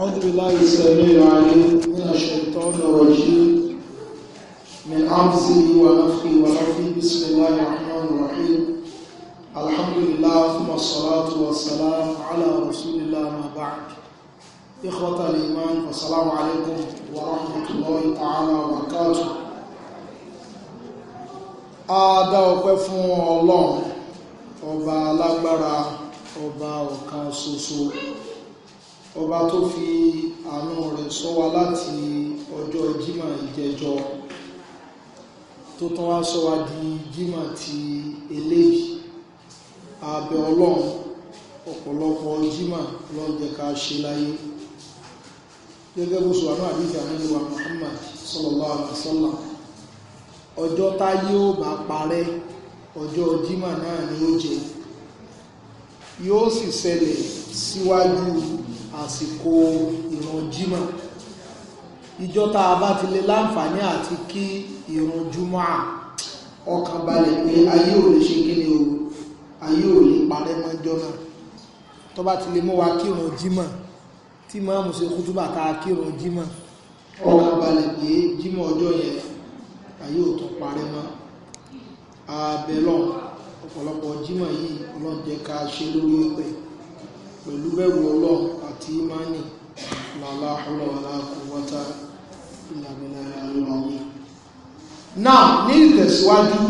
أعوذ بالله السميع العليم من الشيطان الرجيم من عمزه ونفخه ونفخه بسم الله الرحمن الرحيم الحمد لله ثم الصلاة والسلام على رسول الله ما بعد إخوة الإيمان والسلام عليكم ورحمة الله تعالى وبركاته A dá ọpẹ́ fún Ọlọ́run ọba alágbára ọba ọ̀kan ṣoṣo ọba tó fi àánú rẹ̀ sọ wa láti ọjọ́ jímọ̀ ìjẹjọ tó tún wá sọ wa di jímọ̀ ti eléyìí abẹ ọlọ́run ọ̀pọ̀lọpọ̀ jímọ̀ lọ́jẹ́ ká ṣe láyé gẹ́gẹ́ bó sọ àwọn àdíjà nínú wa Muhammad sallallahu alaihi wasallam ọjọ́ táyé ó bá parẹ́ ọjọ́ jímọ̀ náà ni ó jẹ́ yóò sì ṣẹlẹ̀ síwájú àsìkò ìrun jímọ̀ ìjọ tá a bá ti lè láǹfààní àti kí ìrun ọkàn balẹ̀ pé ayé ò lè ṣe kíni o ayé ò lè parẹ́ mọ́jọ́ náà tó bá ti lè mú wa kírun jímọ̀ tí máàmù ṣe kútúbà tá a kírun jímọ̀ ọkàn balẹ̀ pé jímọ̀ ọjọ́ yẹn ayé ò tún parẹ́ mọ́ abẹ́lọ́ ọ̀pọ̀lọpọ̀ jímọ̀ yìí ọlọ́jẹ́ ká ṣe lórí ọ̀pẹ̀ pẹ̀lú bẹ̀rù ọlọ́ àti imani làláhùlọ̀ aláàkúwọ́ta ìlàmìnà àlọ́wọ́ náà ní ìtẹ̀síwájú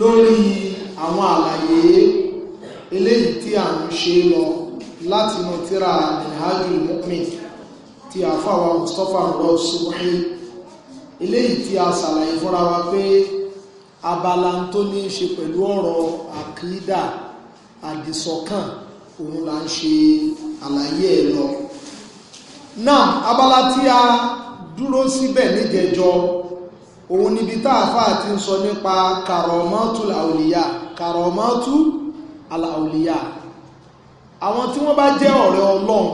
lórí àwọn àlàyé eléyìí tí a ń ṣe lọ láti mọ tíra ìhàjú mọ́mìn tí a fáwà Mustapha rọ síwáyé eléyìí tí a ṣàlàyé fúnra wa pé abala tó ní ṣe pẹ̀lú ọ̀rọ̀ àkídà àdìsọ́kàn òun là ń ṣe àlàyé ẹ̀ lọ náà abala tí a dúró síbẹ̀ níjẹjọ òun níbi tá àfáà ti ń sọ nípa kàrọ̀mọ́tù làwòlíyà kàrọ̀mọ́tù àlàwòlíyà àwọn tí wọ́n bá jẹ́ ọ̀rẹ́ ọlọ́run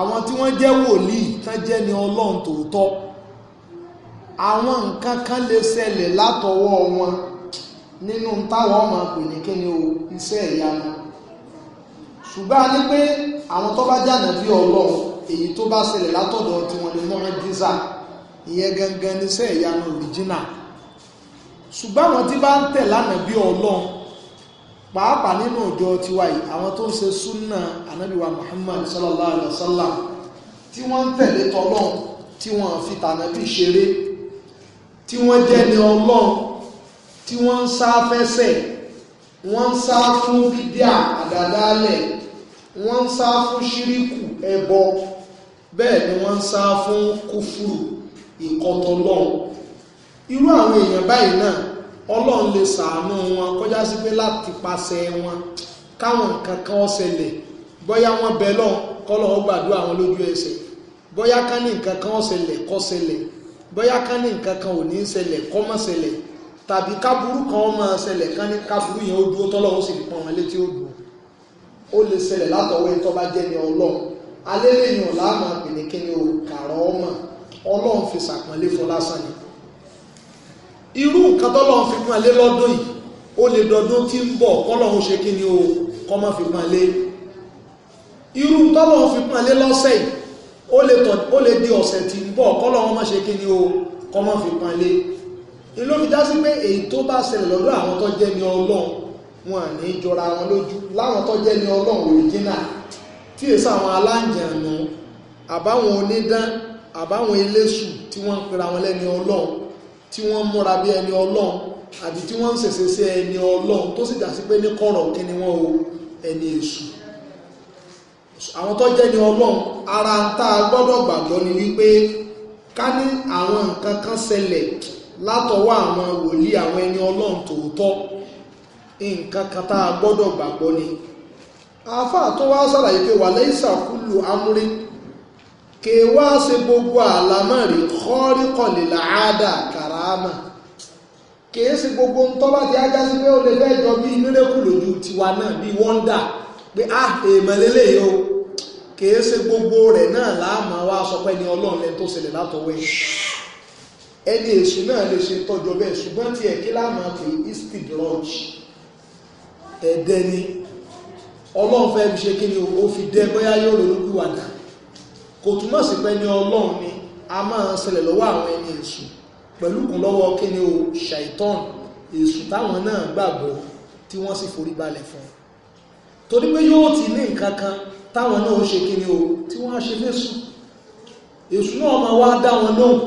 àwọn tí wọ́n jẹ́ wòlíì tán jẹ́ ni ọlọ́run tòótọ́ àwọn nǹkan kan lè ṣẹlẹ̀ látọwọ́ wọn nínú táwọn ọmọ pè ní kíni o iṣẹ́ ìyanu ṣùgbọ́n a ní pé àwọn tó bá jànà bí ọlọ́run èyí tó bá ṣẹlẹ̀ látọ̀dọ̀ tí wọ́n ní mọ́rin dísà ìyẹn gangan níṣẹ́ ìyanu òrìjínà ṣùgbọ́n àwọn tí bá ń tẹ̀ lánà bí ọlọ́run pàápàá nínú ìjọ tiwa yìí àwọn tó ń ṣe súnà anábìwa Muhammad sallallahu alayhi wa sallam tí wọ́n ń tẹ̀lé tọlọ́run tí wọ́n fi tànàbí ṣeré tí wọ́n jẹ́ ni ọlọ́run tí wọ́n ń sáfẹ́sẹ̀ wọ́n ń sá fún bídíà àdàdálẹ̀ wọ́n ń sá fún ṣíríkù ẹbọ bẹ́ẹ̀ ni wọ́n ń sá fún kúfùrù ìkọtọlọ́hún irú àwọn èèyàn báyìí náà ọlọ́run lè sàánú wọn kọjá sí pé láti pàṣẹ wọn káwọn nǹkan kan ó ṣẹlẹ̀ bóyá wọ́n bẹ lọ kọ́lọ̀ ó gbàdúrà wọn lójú ẹsẹ̀ bóyá ká ní nǹkan kan ṣẹlẹ̀ kó ṣẹlẹ̀ bóyá ká ní nǹkan kan ò ní ṣẹlẹ̀ kó má ṣẹlẹ̀ tàbí káburú kan máa ṣẹlẹ̀ kan ní káburú yẹn ó dúró tọ́lọ́run sì fi pọn ọmọ létí ó dùn ó lè ṣẹlẹ̀ látọwọ́ ẹni tó bá jẹ́ ní ọlọ́run alélèyàn láàmú àpènìkíni o kàrọ ọmọ ọlọ́run fi ṣàpọ́nlé fún lásán ni irú nǹkan tọ́lọ́run fi pọn lé lọ́dún yìí ó lè dọdún tí ń bọ̀ kọ́lọ́run ṣe kí ni o kọ́ má fi pọn lé irú tọ́lọ́run fi pọn lé lọ́sẹ̀ yìí ó lè di ọ̀sẹ̀ tí ń bọ̀ kọ́lọ́run má ṣe kí ni o kọ́ má fi pọn lé ìlú fi já sí pé èyí tó bá ṣẹlẹ̀ lọ́dọ̀ àwọn tó jẹ́ ní ọlọ́run wọn ní jọra wọn lójú láwọn tó jẹ́ ní ọlọ́run òrìjínà tí èsì àwọn aláǹjẹ̀nù àbáwọn onídán àbáwọn eléṣù tí wọ́n ń pera wọn lẹ́ni ọlọ́run tí wọ́n múra bí ẹni ọlọ́run àbí tí wọ́n ń ṣèṣe sí ẹni ọlọ́run tó sì já sí pé ní kọ̀rọ̀ kí ni wọ́n o ẹni èṣù àwọn tó jẹ́ ní ọlọ́run ara ń tá a gbọ́dọ̀ gbàgbọ́ ni wípé ká ní àwọn nǹkan kan ṣẹlẹ̀ látọwọ́ àwọn wòlíì àwọn ẹni ọlọ́run tòótọ́ nǹkan kan tá a gbọ́dọ̀ gbàgbọ́ ni àáfàá tó wá sàlàyé pé wà lẹ́yìn sàkúlù amúrí kè wá ṣe gbogbo àlámọ̀rí kọ́ríkọ̀lélà áádà kàràámà kè é ṣe gbogbo ń tọ́lá ti ajá sí pé ó lè fẹ́ jọ bí mírèkù lójú tiwa náà bí wọ́ndà pé a ah, èèmọ̀ lélẹ́yìí o kè é ṣe gbogbo rẹ̀ náà láàmú wa sọ pé ni ọlọ́run lẹ́ni tó ṣẹlẹ̀ látọwọ́ ẹ̀ ẹni èṣì náà lè ṣe tọ́jọ bẹ́ẹ̀ ṣùgbọ́n tí ẹ̀kí láàmà pé istid lodge ẹ̀dẹ́ ni ọlọ́run fẹ́ fi ṣe kí ni ó fi dẹ́ bóyá yóò lè lójú wàdà kò túmọ̀ sí pé ní ọlọ́run ni a máa ṣẹlẹ̀ lọ́wọ́ àwọn ẹni èṣù pẹ̀lú kùn lọ́wọ́ kí ni o ṣàìtàn èṣù táwọn náà gbàgbọ́ tí wọ́n sì forí balẹ̀ fún torí pé yóò ti ní nǹkan kan táwọn náà ó ṣe kí ni o tí wọ́n á ṣe fẹ́sùn èṣù náà máa wá dá wọn lóhùn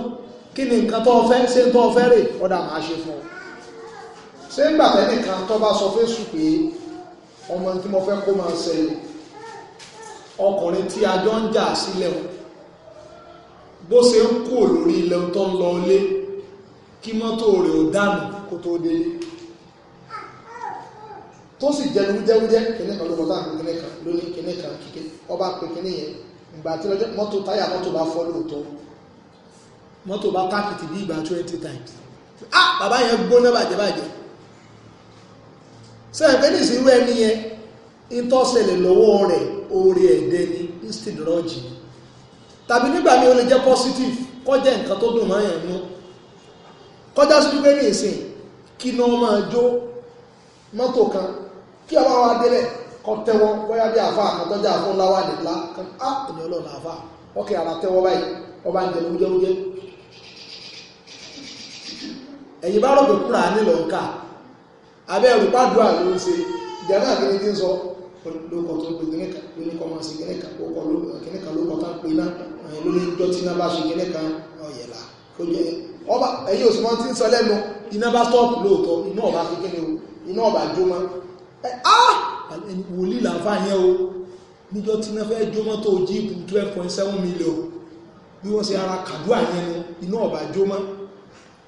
kí ni nǹkan tó fẹ́ ṣé tó fẹ́ rè ọ̀dà máa ṣe fún ọ ṣé ń gbàtẹ́ nìkan tó bá sọ fésù pé ọmọ tí mo fẹ́ kó máa ṣẹlẹ̀ ọkùnrin tí a jọ ń jà sílẹ̀ bó ṣe ń kú lórí ilẹ̀ tó ń lọ ilé kí mọ́tò rẹ̀ ò dànù kó tó délé tó sì jẹnu wújẹ́wújẹ́ kìnnì kan ló mọ̀ láàrin kìnnì kan lórí kìnnì kan kíkẹ́ ọba pé kìnnì yẹn ìgbà tí mọ́tò táyà mọ́tò bá fọ́ lóòótọ́ mọ́tò bá tákìtì bí ìgbà 20 times ah bàbá yẹn gbóná bàjẹ́ bàjẹ́ sẹ́yìn pé nìsí irú ẹni yẹn ìtọ́sẹ̀lẹ̀ lọ́wọ́ rẹ̀ oore ẹ̀dẹ́ ni instead tàbí nígbà mi o lè jẹ́ positive kọjá nǹkan tó dùn máyàn mú kọjá sí pé ní ìsìn kí ná máa jó mọ́tò kan kí ọlọ́wọ́ wa délẹ̀ kọ tẹ́wọ́ bóyá bí àfa àkọ́tọ́jà fún nìlá kan ah ènìyàn lọ́nà àfa ọkẹ́ ara tẹ́wọ́ báyìí ọba ń jẹ ẹ̀yin bá rọ̀ pé kúrà nílò ńkà abẹ́ ẹ̀rù pàdúrà ló ń ṣe ìjàmbá kìíní tí ń sọ lókọ̀ tó gbé kìíní kan lóní kọ́ máa ṣe kìíní kan ó kọ́ kìíní kan lókọ̀ tá pé náà lóní jọ tí iná bá ṣe kìíní kan ọ̀yẹ̀là kó jẹ ọba ẹ̀yin òsùnmọ́ tí ń sọ lẹ́nu iná bá stọ́ọ̀pù lóòótọ́ iná ọba ṣe kìíní o iná ọba jó mọ́ ẹ á wòlíì làǹfà yẹn o níjọ́ tí iná fẹ́ jó mọ́ tó jíìpù twelve point seven million bí wọ́n ṣe ara kàdúrà yẹn nu iná ọba jó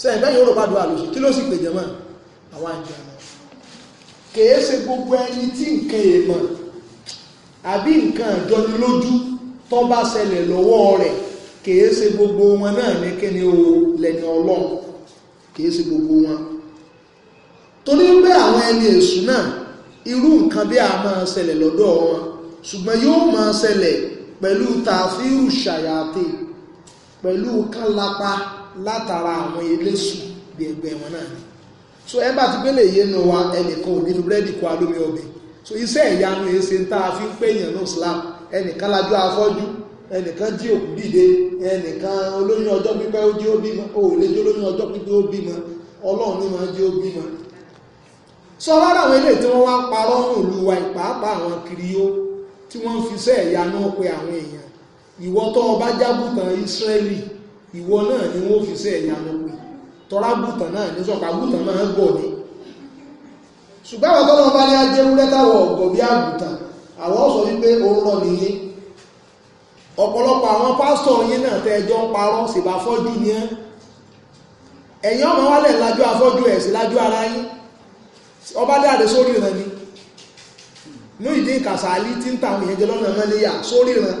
ṣe ẹ̀gbẹ́ yóò rò pàdùn àlòṣe kí ló sì pè jẹmọ́ àwọn àjànà kèé ṣe gbogbo ẹni tí nǹkan èèmọ̀ àbí nǹkan àjọni lójú tó bá ṣẹlẹ̀ lọ́wọ́ rẹ̀ kèé ṣe gbogbo wọn náà ní kíni o lẹ́ni ọlọ́run kèé ṣe gbogbo wọn torí pé àwọn ẹni èṣù náà irú nǹkan bí a máa ṣẹlẹ̀ lọ́dọ̀ wọn ṣùgbọ́n yóò máa ṣẹlẹ̀ pẹ̀lú tàfíìrù ṣàyàtì pẹ̀lú kálapa látara àwọn eléṣù bí ẹgbẹ́ wọn náà ni so ẹ bá ti gbélé yé nu wa ẹnìkan ò ní fi búrẹ́dì kó alómi ọbẹ̀ so iṣẹ́ ìyanu èsè ń tá a fi ń pè yàn ní Islam ẹnìkan lajú afọ́jú ẹnìkan jí òkú dìde ẹnìkan olóyún ọjọ́ pípẹ́ ó jí ó bímọ ó lè jí olóyún ọjọ́ pípẹ́ ó bímọ ọlọ́run ní máa jí ó bímọ. sọ lára àwọn eléyìí tí wọ́n wá ń parọ́ ní ìlú wa ìpàápàá àwọn kiriyó tí wọ́n ń fi iṣẹ́ ìyanu pe àwọn èèyàn ìwọ́tọ́ ọba jágùtàn Ísírẹ́lì ìwọ náà ni wọ́n fi sí ẹ̀yà lọ́pẹ́ tọ́rágùtàn náà ní sọ̀pá gùtàn máa ń gọ̀ ní ṣùgbọ́n àwọn tọ́lọ́ bá ní ajé wúlẹ́ táwọ̀ ọ̀gọ̀ bí àgùtàn àwọn sọ wípé ó ń rọ̀ nìyí ọ̀pọ̀lọpọ̀ àwọn pásítọ̀ yín náà tẹ́ ẹjọ́ ń parọ́ sì bá fọ́jú ní ẹ́ ẹ̀yin ọmọ wálẹ̀ lájú afọ́jú ẹ̀ sí lájú ara yín ọba dáadé sórí ìran ni ní ìdí ìkàsàálí tí ń tàwọn ìyẹn jẹ lọ́nà mẹ́lẹ́yà sórí ìran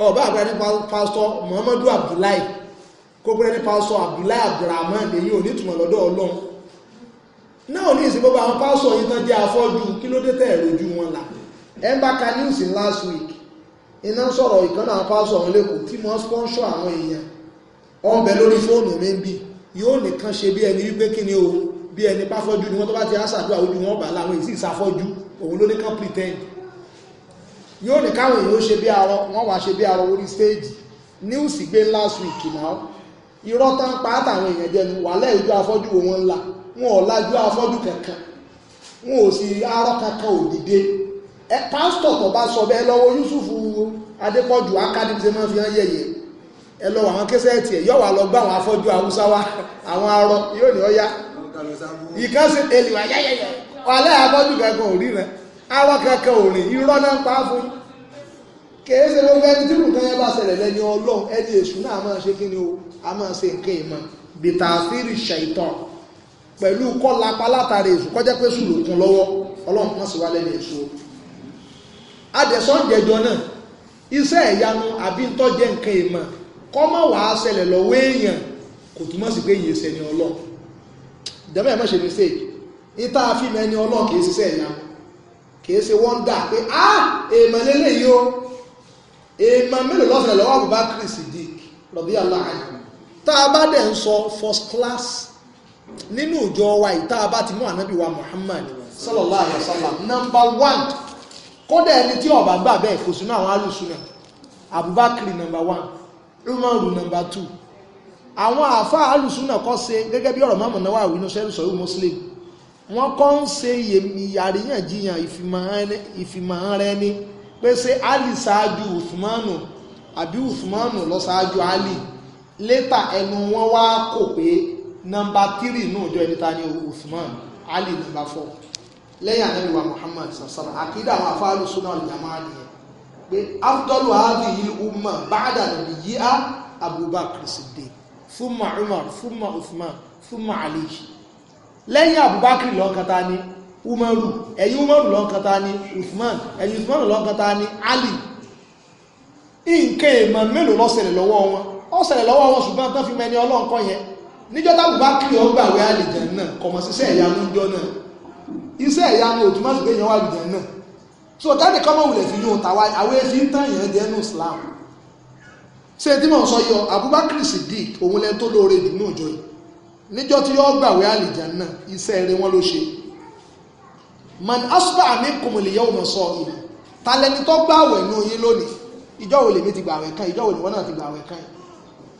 ọba àpẹẹrẹ ní pásítọ̀ muhammadu abdullahi kó pẹ́rẹ́ ní pásítọ̀ abdullahi abdulrahman èyí ò ní ìtumọ̀ lọ́dọ̀ ọlọ́run náà ní ìsìn gbogbo àwọn pásítọ̀ yìí tán jẹ́ afọ́jú kí ló dé tẹ̀ẹ̀rọ ojú wọn là embaka news in last week iná sọ̀rọ̀ ìkànnà àwọn pásítọ̀ ọ̀hún lẹ́kọ̀ọ́ tí wọ́n sponsor àwọn èèyàn ọ̀n bẹ lórí fóònù mi ń bì yóò nìkan ṣe bí ẹni wípé kí ni o bí ẹni páfọ́jú ni wọ́n tó bá ti á sàdúrà ojú wọn bà láwọn èsì ìsàfọ́jú òun ló ní kan pretend yóò ní káwọn èèyàn ṣe bí arọ wọ́n wá ṣe bí arọ orí stéèjì news gbé last week náà irọ́ tán pa àtàwọn èèyàn jẹnu wàhálẹ̀ ìjọ afọ́jú wọn ńlá wọn ò lájú afọ́jú kankan wọn ò sì arọ kankan òdìdé ẹ pásítọ̀ tó bá sọ bẹ́ẹ̀ lọ́wọ́ Yusuf Adépọ̀jù akadé ṣe máa fi hàn yẹ̀yẹ̀ ẹ lọ àwọn kẹsẹ̀tì ẹ̀ yọ̀ wà lọ gbá àwọn afọ́jú haúsá wa àwọn arọ yóò ní ọ yá ìkànsẹ̀ èlìwà yáyẹ̀yẹ̀ wàhálẹ̀ afọ́jú kankan ò ríran àwọn kankan ò rìn irọ́ náà ń pa á fún yín kìí ṣe gbogbo ẹni tí nǹkan yẹn bá ṣẹlẹ̀ lẹ́ni ọlọ́run ẹni èṣù náà máa ṣe kí ni o a máa ṣe nǹkan ìmọ̀ bìtàfírì ṣàìtàn pẹ̀lú kọ́la palátàrí èṣù kọjá pé sùn lòkun lọ́wọ́ ọlọ́run kan sì wá lẹ́ni èṣù o adẹ̀sán jẹjọ náà iṣẹ́ ìyanu àbí ntọ́jẹ́ nǹkan ìmọ̀ kọ́mọ̀ wàá ṣẹlẹ̀ lọ́wọ́ èèyàn kò túmọ̀ sí pé ìyẹsẹ̀ ni ọlọ́run ìjọba ẹ̀ mọ̀ ṣe mistake ìta àfihàn ẹni ọlọ́run kì í ṣiṣẹ́ ìyanu kìí ṣe wọ́n dà pé á èèmọ̀ lélẹ̀ yìí o èèmọ̀ mélòó lọ́sẹ̀ lọ́wọ́ àbúbá kìrìsì dìk rọ̀bí aláàyè tá a bá dẹ̀ first class nínú ìjọ wa yìí tá a bá wa Muhammad sallallahu alayhi wa sallam number one kódà ẹni ọba gbà bẹ́ẹ̀ kò sínú àwọn alùsùnà Abubakar nọmba one Umaru nọmba two àwọn àáfàá alùsùnà kọ́ ṣe gẹ́gẹ́ bí ọ̀rọ̀ mọ́mọ́ náwó àwìn wọ́n kọ́ ń ṣe ìyàríyànjiyàn ìfìmọ̀ rẹ ni pé ṣé ali ṣáájú usmanu àbí usmanu lọ ṣáájú ali létà ẹnu wọn wá kò pé nọmba tírì náà jọ ẹni ta ni usman ali nọmba fọ lẹ́yìn ànábìwá muhammad sàṣàrà àkídà àwọn afáàlù súná ìjàmáà nìyẹn pé afdọ́lù ààbì yìí umma báàdà nàbì yìí á abubakar siddiq fúnmà umar fúnmà usman fúnmà aliyu lẹ́yìn Abubakar lọ́kàn ta ni Umaru ẹ̀yìn Umaru lọ́kàn ta ni Uthman ẹ̀yìn Uthman lọ́kàn ni Ali nǹkan èèmọ̀ mélòó lọ́sẹ̀lẹ̀ lọ́wọ́ wọn ọ̀sẹ̀lẹ̀ lọ́wọ́ wọn ṣùgbọ́n tán fi mẹni ọlọ́nkọ́ yẹn níjọ́ tá Abubakar ọgbàwé àlìjẹ̀ náà kọ̀mọ̀ síṣẹ́ ẹ̀yà lóúnjọ́ náà iṣẹ́ ẹ̀yà ni òtúmọ̀ sí pé yẹn wà àlìjẹ̀ náà so káàdì kọ́mọ̀ wulẹ̀ fi yóò tàwa àwọn efi ń tàn yẹn jẹ́ ní Islam ṣé tí mò sọ yọ Abubakar Siddiq òun lẹ́ni tó lóore jù òjò yìí níjọ́ tí yọ́ gbàwé àlìjánnà iṣẹ́ eré wọn ló ṣe man asba minkum al-yawma sa'iman talẹ́ni tó gbàwé ní oyin lónìí ìjọ́ wo lèmi ti gbàwé kan ìjọ́ wo lèwọ́n náà ti gbàwé kan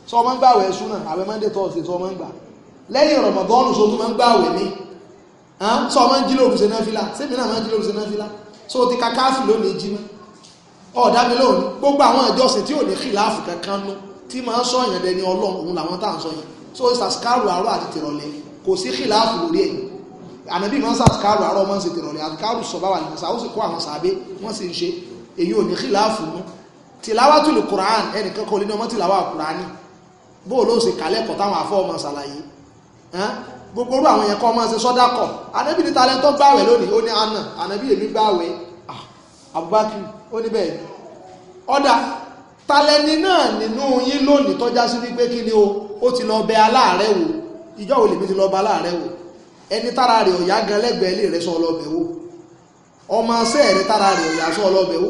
sọ ọmọ ń gbàwé súnà àwẹ̀ monday thursday sọ ọmọ ń gbà lẹ́yìn rọ̀mọ̀dọ́nù sọ tó máa ń gbàwé ní sọ ọmọ ń jí lóru ṣe náfìlà sẹ́mi náà máa ń jí lóru ṣe sọ ti ka káàfì lónìí jí mọ́ ọ̀dà mi lónìí gbogbo àwọn so ìsàsíkárù àárọ̀ àti tìrọ̀lẹ́ kò sí kìláàfù lórí ẹ̀ ànábì máa ń sàsíkárù àárọ̀ máa ń ṣe tìrọ̀lẹ́ àtikárù sọ̀bá wà nìyẹn sàwọ́sì kó àwọn sàbẹ́ wọ́n sì ń ṣe èyí ò ní kìláàfù mú tìláwá tùlù kùrán ẹnìkan kò lè ní ọmọ tìláwá kùránì bó ló ṣe kàlẹ́kọ̀ọ́ táwọn afọ́ ọmọ ṣàlàyé gbogbo orú àwọn yẹn kọ́ ọmọ ṣe sọ́dá kọ̀ ànábì ní talẹ́ tó gbàwẹ̀ lónìí ó ní àná ànábì èmi gbàwẹ̀ ah, Abubakar ó ní bẹ́ẹ̀ ọ̀dà talẹni náà nínú yín lónìí tọ́já sí wípé kí ni o ó ti lọ bẹ aláàárẹ̀ wò ìjọ òwe lèmi ti lọ bẹ aláàárẹ̀ wò ẹni tára rẹ̀ ọ̀yá gan lẹ́gbẹ̀ẹ́ lè rẹ̀ sọ ọlọ́bẹ̀ wò ọmọ ṣẹ́ rẹ̀ tára rẹ̀ ọ̀yá sọ ọlọ́bẹ̀ wò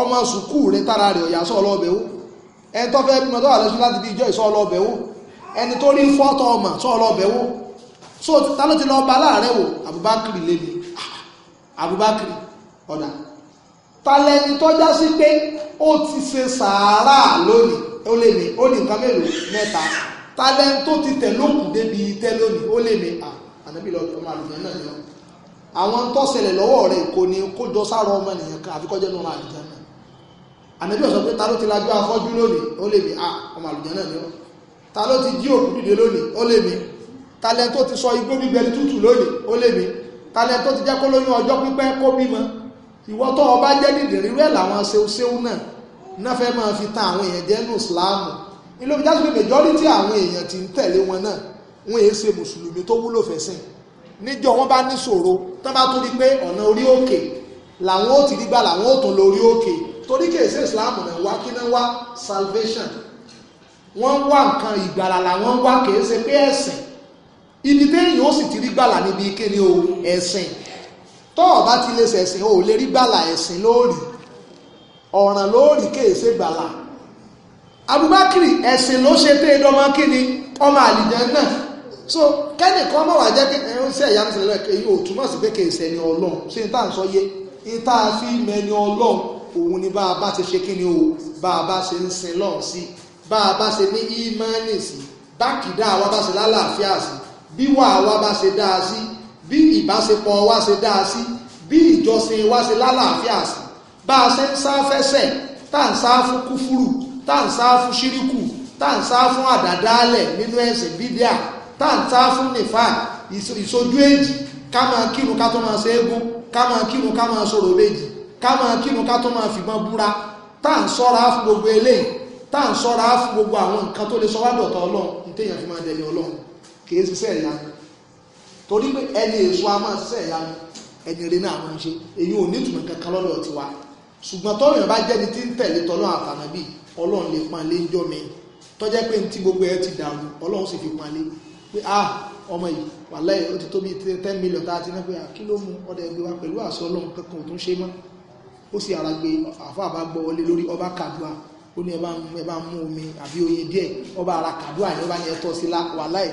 ọmọ sùkúù rẹ̀ tára rẹ̀ ọ̀yá sọ ọlọ́bẹ̀ wò ẹni tó bímọ tó wà lọ́sùn láti bí ìjọ ìsọ ọlọ́bẹ̀ wò ẹni tó rí fọ́tọ̀ ọmọ so ta ló ti lọ bá aláàárẹ̀ wò Abubakar talẹ́ni tọ́já sí pé ó ti ṣe sàárà lónìí ó lè mi ó ní nǹkan mélòó mẹ́ta talẹ́ni tó ti tẹ̀ lókùn débi tẹ́ lónìí ó lè mi à ànábì lọ ọmọ àlùfẹ́ náà ni ọ àwọn tó ṣẹlẹ̀ lọ́wọ́ rẹ̀ kò ní kó jọ sára ọmọ nìyẹn kan àfikọ́jẹ́ nínú àlùjẹ́ náà ànábì ọ̀sán pé ta ló ti lajú afọ́jú lónìí ó lè mi à ọmọ àlùjẹ́ náà ni ọ ta ló ti jí òkú dìde lónìí ó lè mi talẹ́ni tó ti sọ igbó gbígbẹ tútù lónìí ó lè mi talẹ́ni tó ti jẹ́ kó lóyún ọjọ́ pípẹ́ kó bímọ ìwọ tó o bá jẹ́ dìde rírú ẹ̀ làwọn ṣeuṣeu náà náà fẹ́ máa fi tan àwọn èèyàn jẹ́ ní ìsìláàmù ilé òbí jásùn pé majority àwọn èèyàn ti ń tẹ̀lé wọn náà wọn èé ṣe mùsùlùmí tó wúlò fẹ̀sìn níjọ́ wọn bá níṣòro tán bá tún rí pé ọ̀nà orí òkè làwọn ó ti rí gbà làwọn ó tún lọ orí òkè torí kìí ṣe ìsìláàmù náà wá kí náà wá salvation wọ́n ń wá nǹkan ìgbàlà làwọn ń wá kìí ṣe pé ẹ̀sìn ibi téèyàn ó sì ti rí gbàlà níbi kíni o ẹ̀sìn tó o bá ti lè ṣẹ̀sìn o ò lè rí gbàlà ẹ̀sìn lóòrì ọ̀ràn lóòrì kéèsè gbàlà Abubakar ẹ̀sìn ló ṣe tẹ́ ẹ̀dọ́mọ kíni ọmọ àlìjẹ náà so kẹ́nìkan mọ̀ wá jẹ́ pé ẹ̀ ń ṣe ẹ̀yà ń ṣẹlẹ̀ èyí ò túmọ̀ sí pé kéèsè ẹni ọlọ́run ṣé n tá à ń sọ yé n tá fi mẹni ọlọ́run òun ni bá a bá ti ṣe kíni o bá a bá ṣe ń sin lọ́run sí bá a bá ṣe ní ímánì bákìdá àwa bá ṣe lálàáfíà sí bí wàá wa bá ṣe dáa sí bí ìbáṣepọ̀ wa ṣe dáa sí bí ìjọsìn wa ṣe lálàáfíà sí bá a ṣe ń sá fẹ́sẹ̀ tá à ń sá fún kúfúrù tá à ń sá fún ṣíríkù tá à ń sá fún àdàdálẹ̀ nínú ẹ̀sìn bídíà tá à ń sá fún nìfà ìsojú èjì ká máa kírun ká tó máa ṣe égún ká máa kírun ká máa sọ̀rọ̀ méjì ká máa kírun ká tó máa fìbọn búra tá à ń sọ́ra fún gbogbo eléyìí tá à ń sọ́ra fún gbogbo àwọn nǹkan tó lè sọ wá dọ̀tá ọlọ́run ní téèyàn fi máa dẹni ọlọ́run kì í ṣiṣẹ́ ìyá torí pé ẹni èso a máa ṣe ẹ̀yà ẹni rẹ náà máa ń ṣe èyí ò ní ìtumọ̀ kankan lọ́dọ̀ tiwa ṣùgbọ́n tọ́lọ̀ yẹn bá jẹ́ni tí ń tẹ̀lé tọ́lọ́ àtànábì ọlọ́run lè pan lé ń jọ́ mi tọ́jẹ́ pé ti gbogbo ẹ ti dàrú ọlọ́run sì fi pan lé pé ah ọmọ yìí wàláhì ó ti tó ten million tá a ti ná pé ah, kí ló mú ọdẹ ẹgbẹ́ wa pẹ̀lú àṣọ ọlọ́run kankan ò tún ṣe mọ́ ó sì ara gbé àfa àbá gbọ́ wọlé lórí ọba kàdúà ó ní ẹ bá mú omi àbí oyin díẹ̀ ọba ara kàdúà yẹn ọba ni tọ́ sí lá wàláhì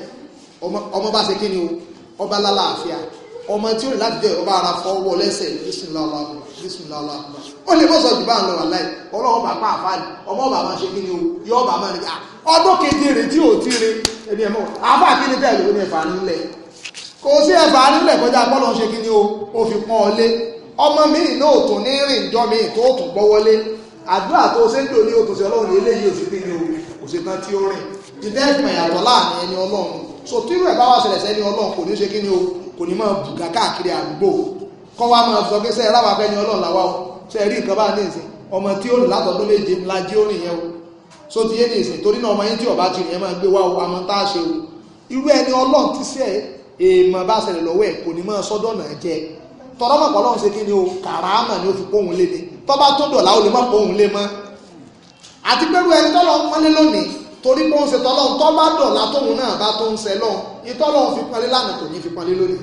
ọmọ bá ṣe kí ni o ọba lálàáfíà ọmọ tí ó lè láti jẹ ọba ara fọwọ́ lẹ́sẹ̀ bísúnláwàlá bísúnláwàlá ó lè mọ̀ sọ jù bá ń lọ wà láì ọlọ́wọ́ bàbá àfáàlì ọmọ ọba máa ṣe kí ni o yọ ọba máa ní ọdún keje rè tí ò ti re ẹni ẹ̀ mọ̀ àfáà kí ni bẹ́ẹ̀ ló ní ẹ̀fà nílẹ̀ kò sí ẹ̀fà nílẹ̀ kọjá bọ́lọ̀ ṣe kí o ó fi pọ́n ọ lé ọmọ mi náà tún ní rìn jọ mi tó tún gbọ́ wọlé àdúrà tó ṣe ń dòní òtún sí ọlọ́run eléyìí òsì o òsì so tírú ẹ̀ bá wà ṣẹlẹ̀ sẹ́ni ọlọ́run kò ní ṣe kí ni o kò ní máa bùgà káàkiri àdúgbò kọ́ wa máa sọ pé sẹ́ẹ̀ ráwa fẹ́ ni ọlọ́run làwa o sẹ́ẹ̀ rí nǹkan bá ní ìsìn ọmọ tí ó rìn méje ńlá jí yẹn o so ti yé ní ìsìn torí náà ọmọ yín tí ọba ti yẹn máa gbé wá o àmọ́ tá a ṣe o irú ẹni ọlọ́run ti sẹ́ èèmọ̀ bá ṣẹlẹ̀ lọ́wọ́ ẹ̀ kò ní máa sọ́dọ̀ náà jẹ tọ́lọ́mọ̀ pọ̀ lọ́run ṣe kí ni o kàràmà ni ó fi póhùn lé ni tọ́ bá tó dọ̀là ó lè má póhùn lé mọ́ torí pé ó ń ṣe tọ́lọ́run tó bá dọ̀la tóun náà bá tó ń ṣe lọ́hun ìtọ́lọ́run fi pọnlé lánàá kò ní fi pọnlé lónìí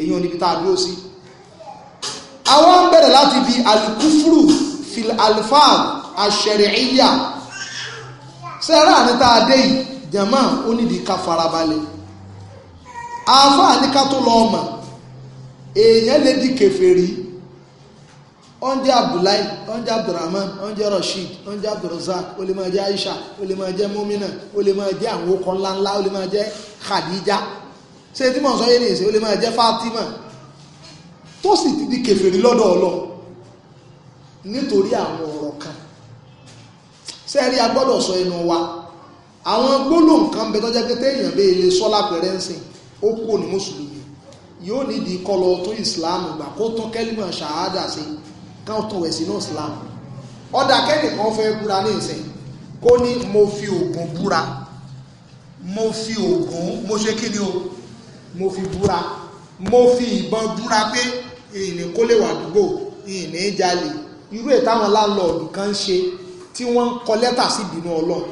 èyí ò níbi tá a dúró sí. àwọn ń bẹ̀rẹ̀ láti bi alikufuru fil alfam asẹ̀rẹ̀ẹ́yà sẹ́rà ní tá a dé yìí jàmá ó nídìí ká farabalẹ̀ àáfàá ní ká tó lọ́ọ́ mọ̀ èèyàn lè di kèfèrí ọ̀njẹ́ abdullahi ọ̀njẹ́ abdulrahman ọ̀njẹ́ rasheed ọ̀njẹ́ abdulrasaq ó lè máa jẹ́ aisha ó lè máa jẹ́ mumina ó lè máa jẹ́ àwọn okọ̀ ńláńlá ó lè máa jẹ́ khadija ṣé tí mò ń sọ yé nìyẹn ṣe ó lè máa jẹ́ fatima tó sì ti di kèfèrí lọ́dọ̀ ọlọ́run nítorí àwọn ọ̀rọ̀ kan sẹ́ẹ̀rí a gbọ́dọ̀ sọ inú wa àwọn gbólóhùn kan bẹ tọ́jà pé téèyàn bẹ́ẹ̀ lè sọ lápẹ̀rẹ́ ń ó kú òní mùsùlùmí yóò nídìí kọlọ tó ìsìláàmù gbà kó tún kẹ́límà ṣàhádà sí i káwọn tó wẹ̀ sínú Islam ọ̀dà kẹ́nìkan fẹ́ búra ní ìsìn kó ní mo fi ògùn búra mo fi ògùn mo ṣe kí ni o mo fi búra mo fi ìbọn búra pé ìní kó lè wà àdúgbò ìní jalè irú ẹ̀ táwọn láńlọ́ọ̀dù kan ń ṣe tí wọ́n ń kọ lẹ́tà sí ìbínú ọlọ́run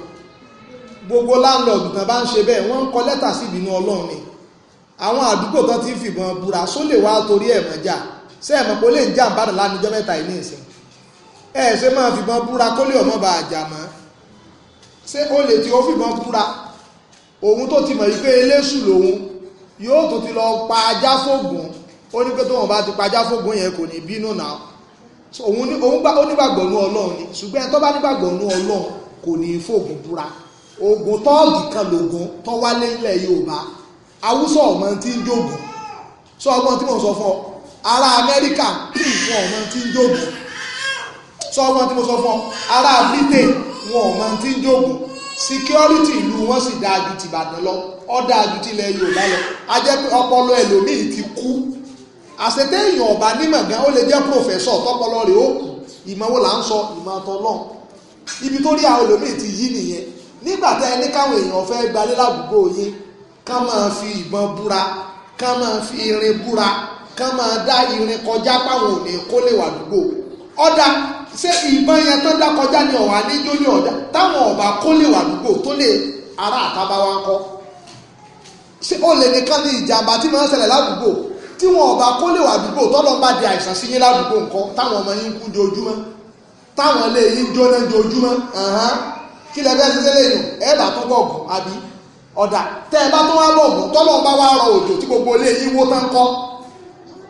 gbogbo láńlọ́ọ̀dù kan bá ń ṣe bẹ́ẹ̀ wọ́n ń kọ lẹ́tà sí ìbínú ọlọ́run ni àwọn àdúgbò kan ti ń fìbọn búra sólè wá torí ẹ̀ mọ́jà ṣé ẹ̀ mọ̀ pé ó lè ń jà ń bàdàn lánàá ọjọ́ mẹ́ta yìí ní ìsìn ẹ̀ ṣe máa fìbọn búra kó lè ọmọ bá a jà mọ́ ṣé ó lè tí ó fìbọn búra òun tó ti mọ̀ yìí pé eléṣù lòun yóò tó ti lọ pa ajá fóògùn ó ní pé tó wọn bá ti pa ajá fóògùn yẹn kò ní bínú náà òun onígbàgbọ́ nú ọlọ́run ni ṣùgbọ́n tó bá nígbàgbọ́ nú ọlọ́run kò ní fóògùn búra oògùn tọ́ọ̀gì kan lògùn tó wálé ilẹ̀ yorùbá haúsọ̀ ọmọ tí ń jògùn sọ ọgbọ́n tí mò ń sọ fún ọ ará amẹ́ríkà wọn ò mọ tí ń jókòó sọ wọn tí mo sọ fún ọ ará britain wọn ò mọ tí ń jókòó security ìlú wọn sì dáa ju tìbàdàn lọ ọ dáa ju tilẹ̀ yorùbá lọ a jẹ́ pé ọpọlọ ẹlòmíì ti kú àṣetẹ èèyàn ọba nímọ̀ gan ó lè jẹ́ pòfẹ́sọ̀ tọpọlọ rẹ̀ ó kù ìmọ̀ wo là ń sọ ìmọ̀ tọlọ́n ibi tó rí àwọn ẹlòmíì ti yí nìyẹn nígbà tá ẹni káwọn èèyàn fẹ́ gbalé ládùúgbò yín ká máa fi ìbọn búra ká máa fi irin búra kán máa dá irin kọjá páwọn ò ní kó lè wà dúgbò ọ̀dà ṣé ìbọn yẹn tán dá kọjá ní ọ̀wá níjó ní ọ̀dà táwọn ọ̀bà kó lè wà dúgbò tó lè ará àtàbá wa kọ́ ṣé ó lè nìkan ní ìjàmbá tí máa ń ṣẹlẹ̀ ládùúgbò tí wọn ọ̀bà kó lè wà dúgbò tọ́lọ́ bá di àìsàn sí yín ládùúgbò nǹkan táwọn ọmọ yín kú jojúmọ́ táwọn ilé yín jóná jojúmọ́ kí lẹ fẹ́ ṣiṣẹ́ lẹ́yìn ẹ bá tó bọ̀gùn àbí ọ̀dà tẹ́ ẹ bá tó wá bọ̀gùn tọ́lọ́ bá wá rọ òjò tí gbogbo ilé yín wó tán kọ́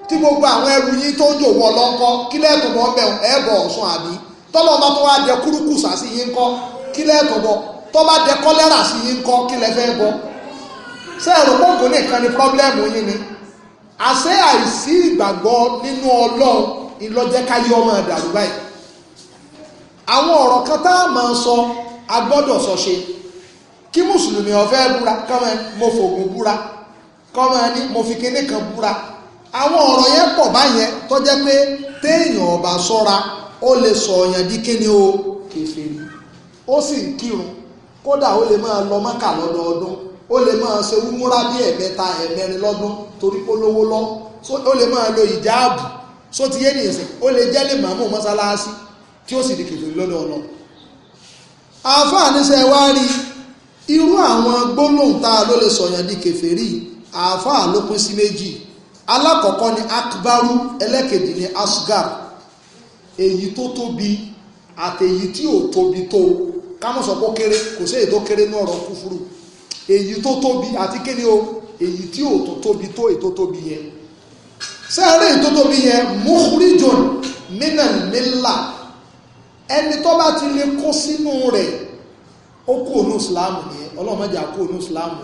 tí gbogbo àwọn ẹrù yín tó ń jòwọ́ lọ́kọ́ kí lẹ́ẹ̀tọ́ bọ́ bẹ̀ ẹ̀bọ̀ ọ̀sùn àbí tọ́lọ́ bá tó wá jẹ kúrúkùsà sí yín kọ́ kí lẹ́ẹ̀tọ́ bọ́ tọ́ bá jẹ kọ́lẹ́rà sí yín kọ́ kí lẹ fẹ́ bọ́ sẹ́ẹ̀rù pọ́ǹkù nìkan ni pọ́blẹ́mù yín ni àṣẹ àìsí ìgbàgbọ́ nínú ọlọ́run ìlọ́jẹ́ káyé ọmọ ẹ̀dàrú báyìí àwọn ọ̀rọ̀ kan tá a máa sọ a gbọ́dọ̀ sọ ṣe kí mùsùlùmí ó fẹ́ búra kọ́mọ mo fògùn búra kọ́mọ ni mo fi kinní kan búra àwọn ọ̀rọ̀ yẹn pọ̀ báyẹn tó jẹ́ pé téèyàn ọba sọ́ra ó lè sọ ọ̀yàn di kíni o ó sì ń kírun kódà ó lè máa lọ mọ́kà lọ́dọọdún ó lè máa ṣe wúmúrá bí ẹ̀mẹ́ta ẹ̀mẹ́rin lọ́dún torí pé lọ ó lè máa lo ìjáàbù yé ní ìsìn ó lè jẹ́ lè màmú tí ó sì di lọ́dọ̀ ọ̀nà àáfàá níṣẹ́ wá rí irú àwọn gbólóhùn tá a ló alákọ̀ọ́kọ́ ni akbaru ẹlẹ́kejì ni asgar èyí tó tóbi àtèyí tí ò tóbi tó kámọ̀ sọ pé ó kéré kò sí èyí tó kéré ní ọ̀rọ̀ kúfúrú èyí tó tóbi àti kéde o èyí tí ò tó tóbi tó èyí tó tóbi yẹn sẹ́ẹ̀rẹ́ èyí tó tóbi yẹn mukhrijun minal ẹni tó bá ti lè kó sínú rẹ̀ ó kú ònú ìsìláàmù ni ọlọ́run má jẹ́ àkú ònú ìsìláàmù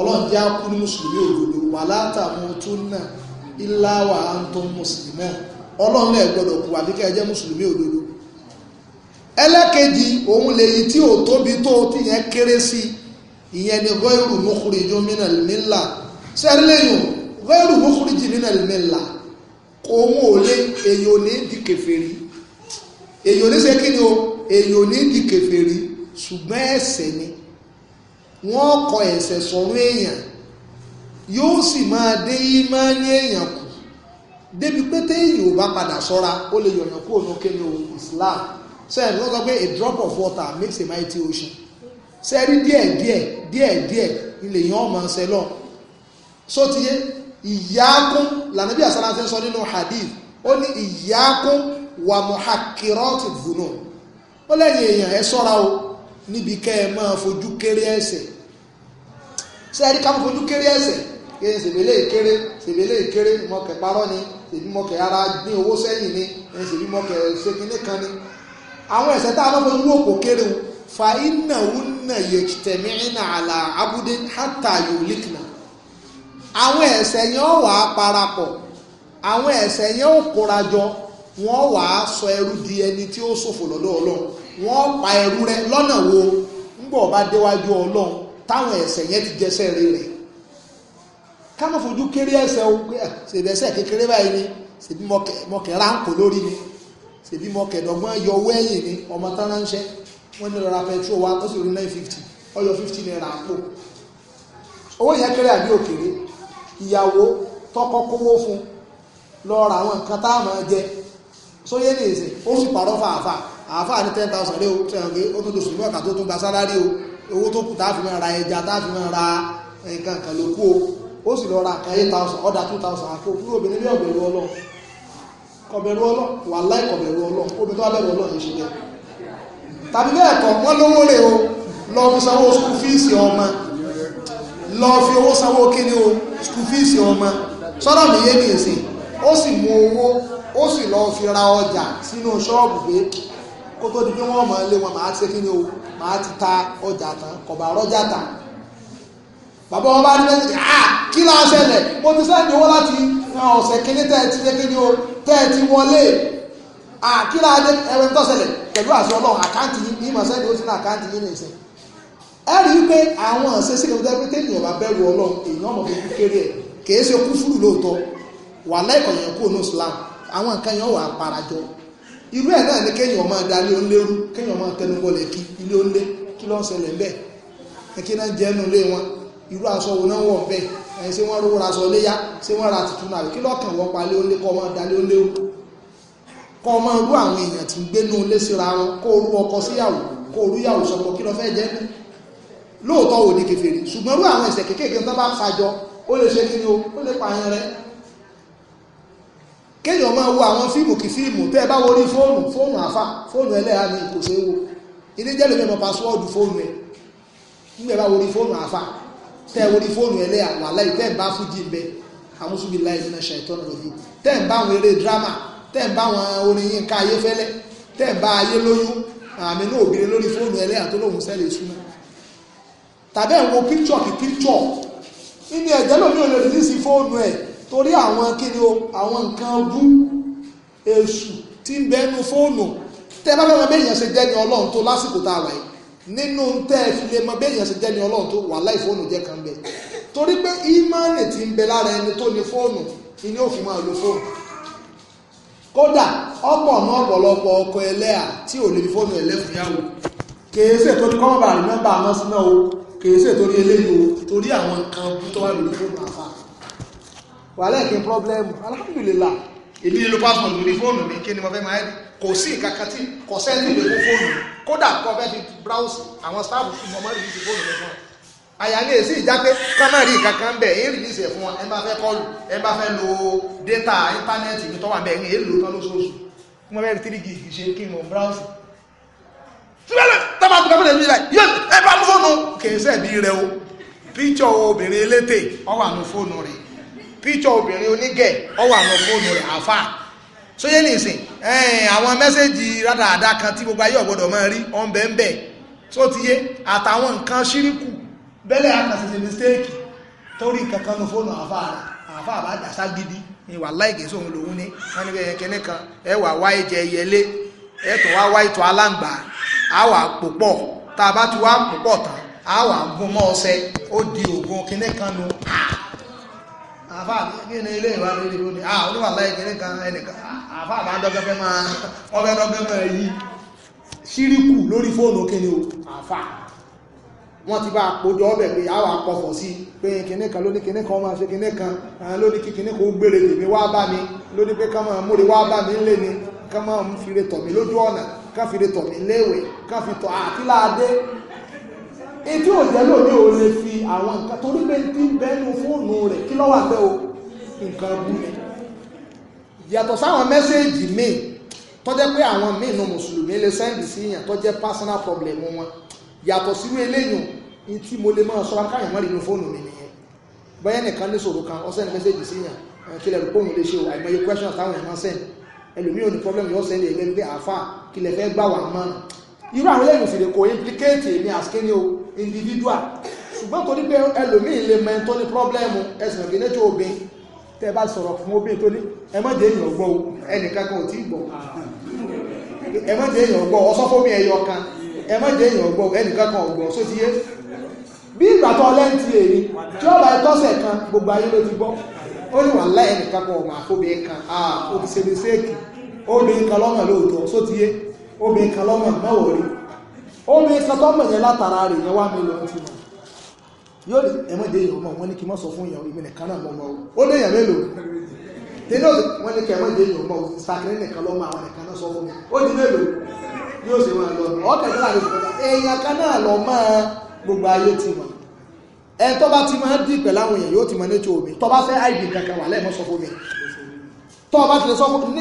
ọlọ́run jẹ́ àkú ní mùsùlùmí òdodo wà látàmú tó nà ilá wà á ń tó mùsùlùmí ọlọ́run lè gbọ́dọ̀ kú àbí kẹ́ ẹ jẹ́ mùsùlùmí òdodo ẹlẹ́kejì òun lèyí tí ò tóbi tó ti yẹn kéré sí ìyẹn ni gọ́ìrù mọ́kùrì jọ mínà mílà sẹ́rílẹ̀yìn gọ́ìrù mọ́kùrì jì mínà mílà òun ò lé èyí ò ní di kèfèrí èyí ò ní ṣe o èyí ò ní di kèfèrí ṣùgbọ́n ẹ̀ṣẹ̀ ni wọ́n kọ ẹ̀ṣẹ̀ sọ̀rọ̀ èèyàn yóò sì máa dé ìmánì èèyàn kù débi pé téèyàn ò bá padà sọ́ra ó lè yọ̀yàn kúrò ní kéde ohun Islam sẹ́yìn ló sọ pé a drop of water makes a mighty ocean sẹ́rí díẹ̀ díẹ̀ díẹ̀ díẹ̀ ilẹ̀ yẹn ọmọ ṣe lọ so ti yé ìyákún lànà bí àṣà láti sọ nínú hadith ó ní ìyákún wà muhakirọ́ọ̀tì vùnú ó lẹ́yìn èèyàn ẹ sọ́ra o níbi kẹ́ ẹ máa fojú kéré ẹ̀ṣẹ̀ sẹ́ẹ̀rí ká máa fojú kéré ẹ̀ṣẹ̀ kí ni sèbélé kéré kéré ni sèbí mọ̀kẹ́ ara ní owó ni ṣèkínní kan ni àwọn ese tá a máa fojú òkò fa iná wúnà yẹ̀tẹ̀mìínà àlà abúdé hátà yòlíkìnà àwọn ẹ̀ṣẹ̀ yẹn wà á parapọ̀ àwọn ẹ̀ṣẹ̀ yẹn ò kórajọ wọ́n wà á sọ ẹrú di ẹni tí ó ṣòfò lọ́dọ̀ wọ́n pa ẹrú rẹ lọ́nà wo ńgbọ̀ bá déwájú ọlọ́run táwọn ẹ̀ṣẹ̀ yẹn ti jẹsẹ̀ rí rẹ̀ ká má fojú kéré ẹ̀ṣẹ̀ o ah, ṣèbí ẹ̀ṣẹ̀ kékeré báyìí ni ṣèbí mọ̀kẹ́ ráńkò lórí ni ṣèbí mọ̀kẹ́ dọ̀gbọ́n yọ owó ẹ̀yìn ni ọmọ tán ránṣẹ́ wọ́n ní lọ́ra pẹtrol wa ó sì rí nine fifty ọyọ fifty naira àpò owó yẹn kéré àbí òkèrè ìyàwó tọkọ kówó fún lọ́ọ́ ra àwọn nǹkan tá a máa jẹ sóyè nìyẹn ó sì pàrọ̀ fàáfàá àáfàá ní ten thousand rẹ o sẹ́yìnkì ó tún lóṣù mọ́ọ̀ká tó tún gba sálárì o owó tó kù tá a fi máa ra ẹja tá a fi máa ra nǹkan kan ló kú o ó sì lọ ra nǹkan eight thousand ọ̀dà two thousand àpò kúrò obìnrin ní ọ̀bẹ̀rù ọlọ́run kọ̀bẹ̀rù ọlọ́run wà láì kọ̀bẹ̀rù ọlọ́run obìnrin tó wà bẹ̀rù ọlọ́run yìí ṣe bẹ́ẹ̀ tàbí bẹ́ẹ̀ kọ́ wọ́n lówó rè o lọ fi sanwó school fees ọmọ lọ fi owó sanwó kíni o school fees ọmọ sọ́dọ̀ mi yé mi ìsìn ó sì mú owó ó sì lọ fi ra ọjà sínú ṣọ́ọ̀bù pé kó tó di pé wọ́n mọ̀ lé wọn màá ti ṣe kí ni o màá ti ta ọjà tán kọ̀bà rọ́jà tà bàbá wọn bá ní mẹ́sẹ̀jì à ah, kí ló ń ṣẹlẹ̀ mo ti sẹ́ni owó láti ọ̀sẹ̀ kíní tẹ́ ẹ ti ṣe kí ni o tẹ́ ẹ ti wọlé à ah, kí ló ń ẹrẹ tó ṣẹlẹ̀ pẹ̀lú àṣọ ọlọ́run àkáǹtì yìí ní ìmọ̀sẹ́ni ó ti ní àkáǹtì yìí ní ìsìn ẹ rí i pé àwọn àṣẹṣe kẹfẹ́ pé téèyàn bá bẹ̀rù ọlọ́run irú ẹ̀ náà ni kéèyàn máa dalé onlérú kéèyàn máa tẹnubọlẹ̀ kí ilé onlé kí ló ń ṣẹlẹ̀ ńbẹ̀ kí náà jẹ́ nu ilé wọn irú aṣọ wo náà wọ̀ ńbẹ̀ ẹ̀yìn ṣé wọ́n rówó aṣọ léyà ṣé wọ́n ra tuntun náà kí lọ́kàn wọ́n pa lé onlé kọ́ máa dalé onlérú kọ́ máa rú àwọn èèyàn tí ń gbé nu ilé síra wọn kó rú ọkọ síyàwó kó rú yàwó sọpọ kí ló fẹ́ jẹ́ nu lóòótọ́ òde kèfèrí ṣùgbọ́n rú àwọn ẹ̀ṣẹ̀ kéékèèké tó bá fàjọ ó lè ṣe kí ni o ó lè pààyàn rẹ̀ kéèyàn máa wo àwọn fíìmù kì fíìmù tẹ́ ẹ bá wo orí fóònù fóònù àfà fóònù ẹlẹ́yà ni kò ṣeé wo ilé jẹ́ lómi ọmọ pàṣíwọ́ọ̀dù fóònù ẹ̀ nígbà bá wo orí fóònù àfà tẹ́ ẹ wo orí fóònù ẹlẹ́yà wà láì tẹ́ ẹ bá fújì ń bẹ àmúṣubí láì nínú ṣe ìtọ́nà lójú tẹ́ ẹ bá àwọn eré dírámà tẹ́ ẹ bá àwọn orin yín ká ayé fẹ́lẹ́ tẹ́ ẹ bá ayé lóyún àmì náà obìnrin lórí fóònù ẹlẹ́yà tó lóhùn sẹ́lẹ̀ súná tàbí ẹ̀ wo píkṣọ̀ kí píkṣọ̀ nínú ẹ̀jẹ̀ lómi ò lè rí sí fóònù ẹ̀ torí àwọn kíni o àwọn nǹkan bú èṣù tí ń bẹnu fóònù tẹ́ bá fẹ́ mọ béèyàn ṣe jẹ́ ní ọlọ́run tó lásìkò tá a wà yìí nínú tẹ́ ẹ fi lè mọ béèyàn ṣe jẹ́ ní ọlọ́run tó wà láì fóònù jẹ́ kan bẹ́ẹ̀ torí pé ìmánì ti ń bẹ lára ẹni tó ní fóònù ilé òfin máa lo fóònù kódà ọ̀pọ̀ mọ́ ọ̀pọ̀lọpọ̀ ọkọ ẹlẹ́à tí ò lè fi fóònù ẹlẹ́fun yàwó tó ní kọ́mọ̀bà rí nọ́mbà àwọn sínáwó kèése eléyìí o torí àwọn nǹkan tó wà lórí fóònù àfáà wàhálà kí n pọ́blẹ́mù alhamdulillah èmi nílò passport mi ní fóònù mi kí ni mo fẹ́ máa ẹ̀ kò sí ìkankan tí kò sẹ́ńtì lè fún fóònù mi kódà kọ́ fẹ́ fi browse àwọn staff fún ọmọ rẹ̀ fi fóònù mi fún ọ àyà ní èsì ìjà pé kánà rí kankan bẹ̀ èyí rìlíìsì ẹ̀ fún wọn ẹ bá fẹ́ kọ́ọ̀lù ẹ bá fẹ́ lo data íńtánẹ́ẹ̀tì mi tọ́wà bẹ́ẹ̀ ní èlò tán lóṣooṣù kí wọ́n fẹ́ tírí gig ṣe kí n mọ̀ browse tíwẹ́lẹ̀ tọ́ba tó kọ́mọ̀lẹ̀ nílẹ̀ yóò ẹ bá fóònù kèésẹ̀ bí rẹ o píkṣọ̀ obìnrin elétè ọwà nù fóònù rẹ̀ píṣọ obìnrin onígẹ̀ ọwọ́ àwọn fóònù rẹ̀ àfà sóyè nìsín àwọn mẹ́sẹ̀gì rádaràda kan tí gbogbo ayé ọ̀gbọ́dọ̀ máa rí ọ̀nbẹ̀ ń bẹ̀ tó ti yé àtàwọn nǹkan ṣíríkù bẹ́lẹ̀ àkàṣẹ̀ṣẹ̀ mistake torí kankan ní fóònù àfà rẹ̀ àfà bá dàṣà gidi ìwà láìkè sóhun lòun ní wọ́n ní bẹ́ẹ̀ kẹ́ní kan ẹ wà wá ẹ̀jẹ̀ yẹlé ẹ tó wá wá ìtọ̀ aláǹgbà á wà pòpọ̀ tá a bá ti wá pòpọ̀ tán á wà gún mọ́ ọsẹ ó di ògùn kẹ́ní kan nù àfà kí ni ilé ìwà lórí ìlú ni à ah, oníwà láì kiri kan ẹnìkan ah, àfà àbá dọ́gẹ́fẹ́ máa ọbẹ̀ dọ́gẹ́fẹ́ yí síríkù lórí fóònù kíni o àfà wọ́n ti bá àpòjọ ọbẹ̀ pé àwọn àpọ̀fọ̀ sí pé kíní kan lóní kíní kan máa ṣe kíní kan ah, lóní kí kíní kan ó gbére tèmi wá bá mi lóní pé ká máa múre wá bá mi ńlé ni ká máa fire tọ̀ mí lójú ọ̀nà ká fire tọ̀ mí léèwé ká fi tọ̀ àtìláadé etí òjẹ́ lò ní o lè fi àwọn nǹkan torí pé tí ń bẹ́nu fóònù rẹ̀ kí lọ́wọ́ àbẹ́ o nǹkan bú ni yàtọ̀ sáwọn mẹ́sẹ́ẹ̀jì míì tó jẹ́ pé àwọn míì nu mùsùlùmí lè sẹ́ǹdì sí yàn tó jẹ́ personal problem wọn yàtọ̀ sírú eléyìn ní tí mo lè máa sọ káyàn mọ́ nínú fóònù mi nìyẹn bóyá nìkan ní sòrò kan ó sẹ́ǹdì mẹ́sẹ́ẹ̀jì sí yàn kí lẹ́rù pé òun lè ṣe àìmọye questions táwọn èèyàn sẹ́ǹdì ẹlòmíì ò ní problem yóò sẹ́ǹdì ẹgbẹ́ pé àáfà kí lẹ fẹ́ gbà wà mọ́ irú àwọn eléyìn sì lè kò implicate èmi àsìkéni o individual ṣùgbọ́n torí pé ẹlòmíì lè mọ ẹni tó ní pọ́blẹ́mù ẹsùn òkè ní tó obìnrin tẹ́ bá sọ̀rọ̀ fún obìnrin tó ní ẹmọ́dé èèyàn gbọ́ ẹnìkankan ò tí gbọ́ ẹmọ́dé èèyàn gbọ́ ọsọ́fómi ẹyọ kan ẹmọ́dé èèyàn gbọ́ ẹnìkankan ò gbọ́ sótíyé bí ìgbà tó ọlẹ́ntì èyí tí ó bá tọ́sẹ̀ kan gbogbo ayé ló ti gbọ́ ó ní wàhálà ẹnìkan kan ọmọ àfóbi kan ó ti ṣe mi séèkì obìnrin kan lọ́mọ lóòótọ́ sótíyé obìnrin kan lọ́mọ náà wọ̀ rí obìnrin kan tó mẹ̀yẹ látara rẹ̀ yẹn wá mi lọ ti mọ̀ yóò lè ẹ̀mọ́dé yìí ọmọ wọn ní kí n má sọ fún ìyàwó ìmì nìkan náà mọ̀ ó lè yàn mélòó tẹ́lẹ̀ wọn ní kí ẹ̀mọ́dé yìí ọmọ ìsàkiri nìkan lọ́mọ àwọn nìkan náà sọ fún mi ó di mélòó yóò ṣe wọn lọ ọkẹ́ tó láti sọ̀tà èèyàn kan náà lọ mọ́ gbogbo ayé ti mọ̀ ẹ tó bá ti máa ń dì pẹ̀lú àwọn èèyàn yóò ti mọ̀ nature omi tó bá fẹ́ àìbì kankan wà lẹ́ẹ̀mọ́ sọ fún mi tó bá ti lè sọ fún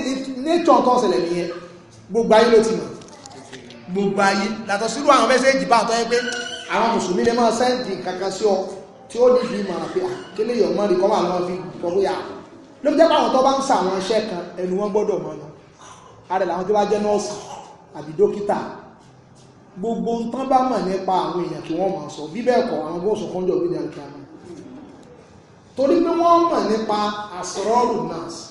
nature tó ṣẹlẹ̀ nìyẹn gbogbo ayé ló ti mọ̀ gbogbo ayé látọ̀ sírú àwọn mẹ́sẹ́ẹ̀jì bá àtọ́ yẹ pé àwọn mùsùlùmí lè máa sẹ́ǹdì kankan sí ọ tí ó nífi ìmọ̀ràn pé àkélé yọ̀ mọ́ rí kọ́mà lọ́wọ́ fi gbọ́gbó yà ah. ló fi jẹ́ pé àwọn tó bá ń sàwọn iṣẹ́ kan ẹnu wọn gbọ́dọ̀ mọ́ lọ ààrẹ làwọn tó bá jẹ́ nọ́ọ̀sì àbí dókítà gbogbo ń tán bá mọ̀ nípa àwọn èèyàn kí wọ́n máa sọ bí bẹ́ẹ̀ kọ́ àwọn bó sọ fọ́njọ́ bí dàrú kíá torí pé wọ́n mọ̀ nípa àsọ̀rọ̀rù nurse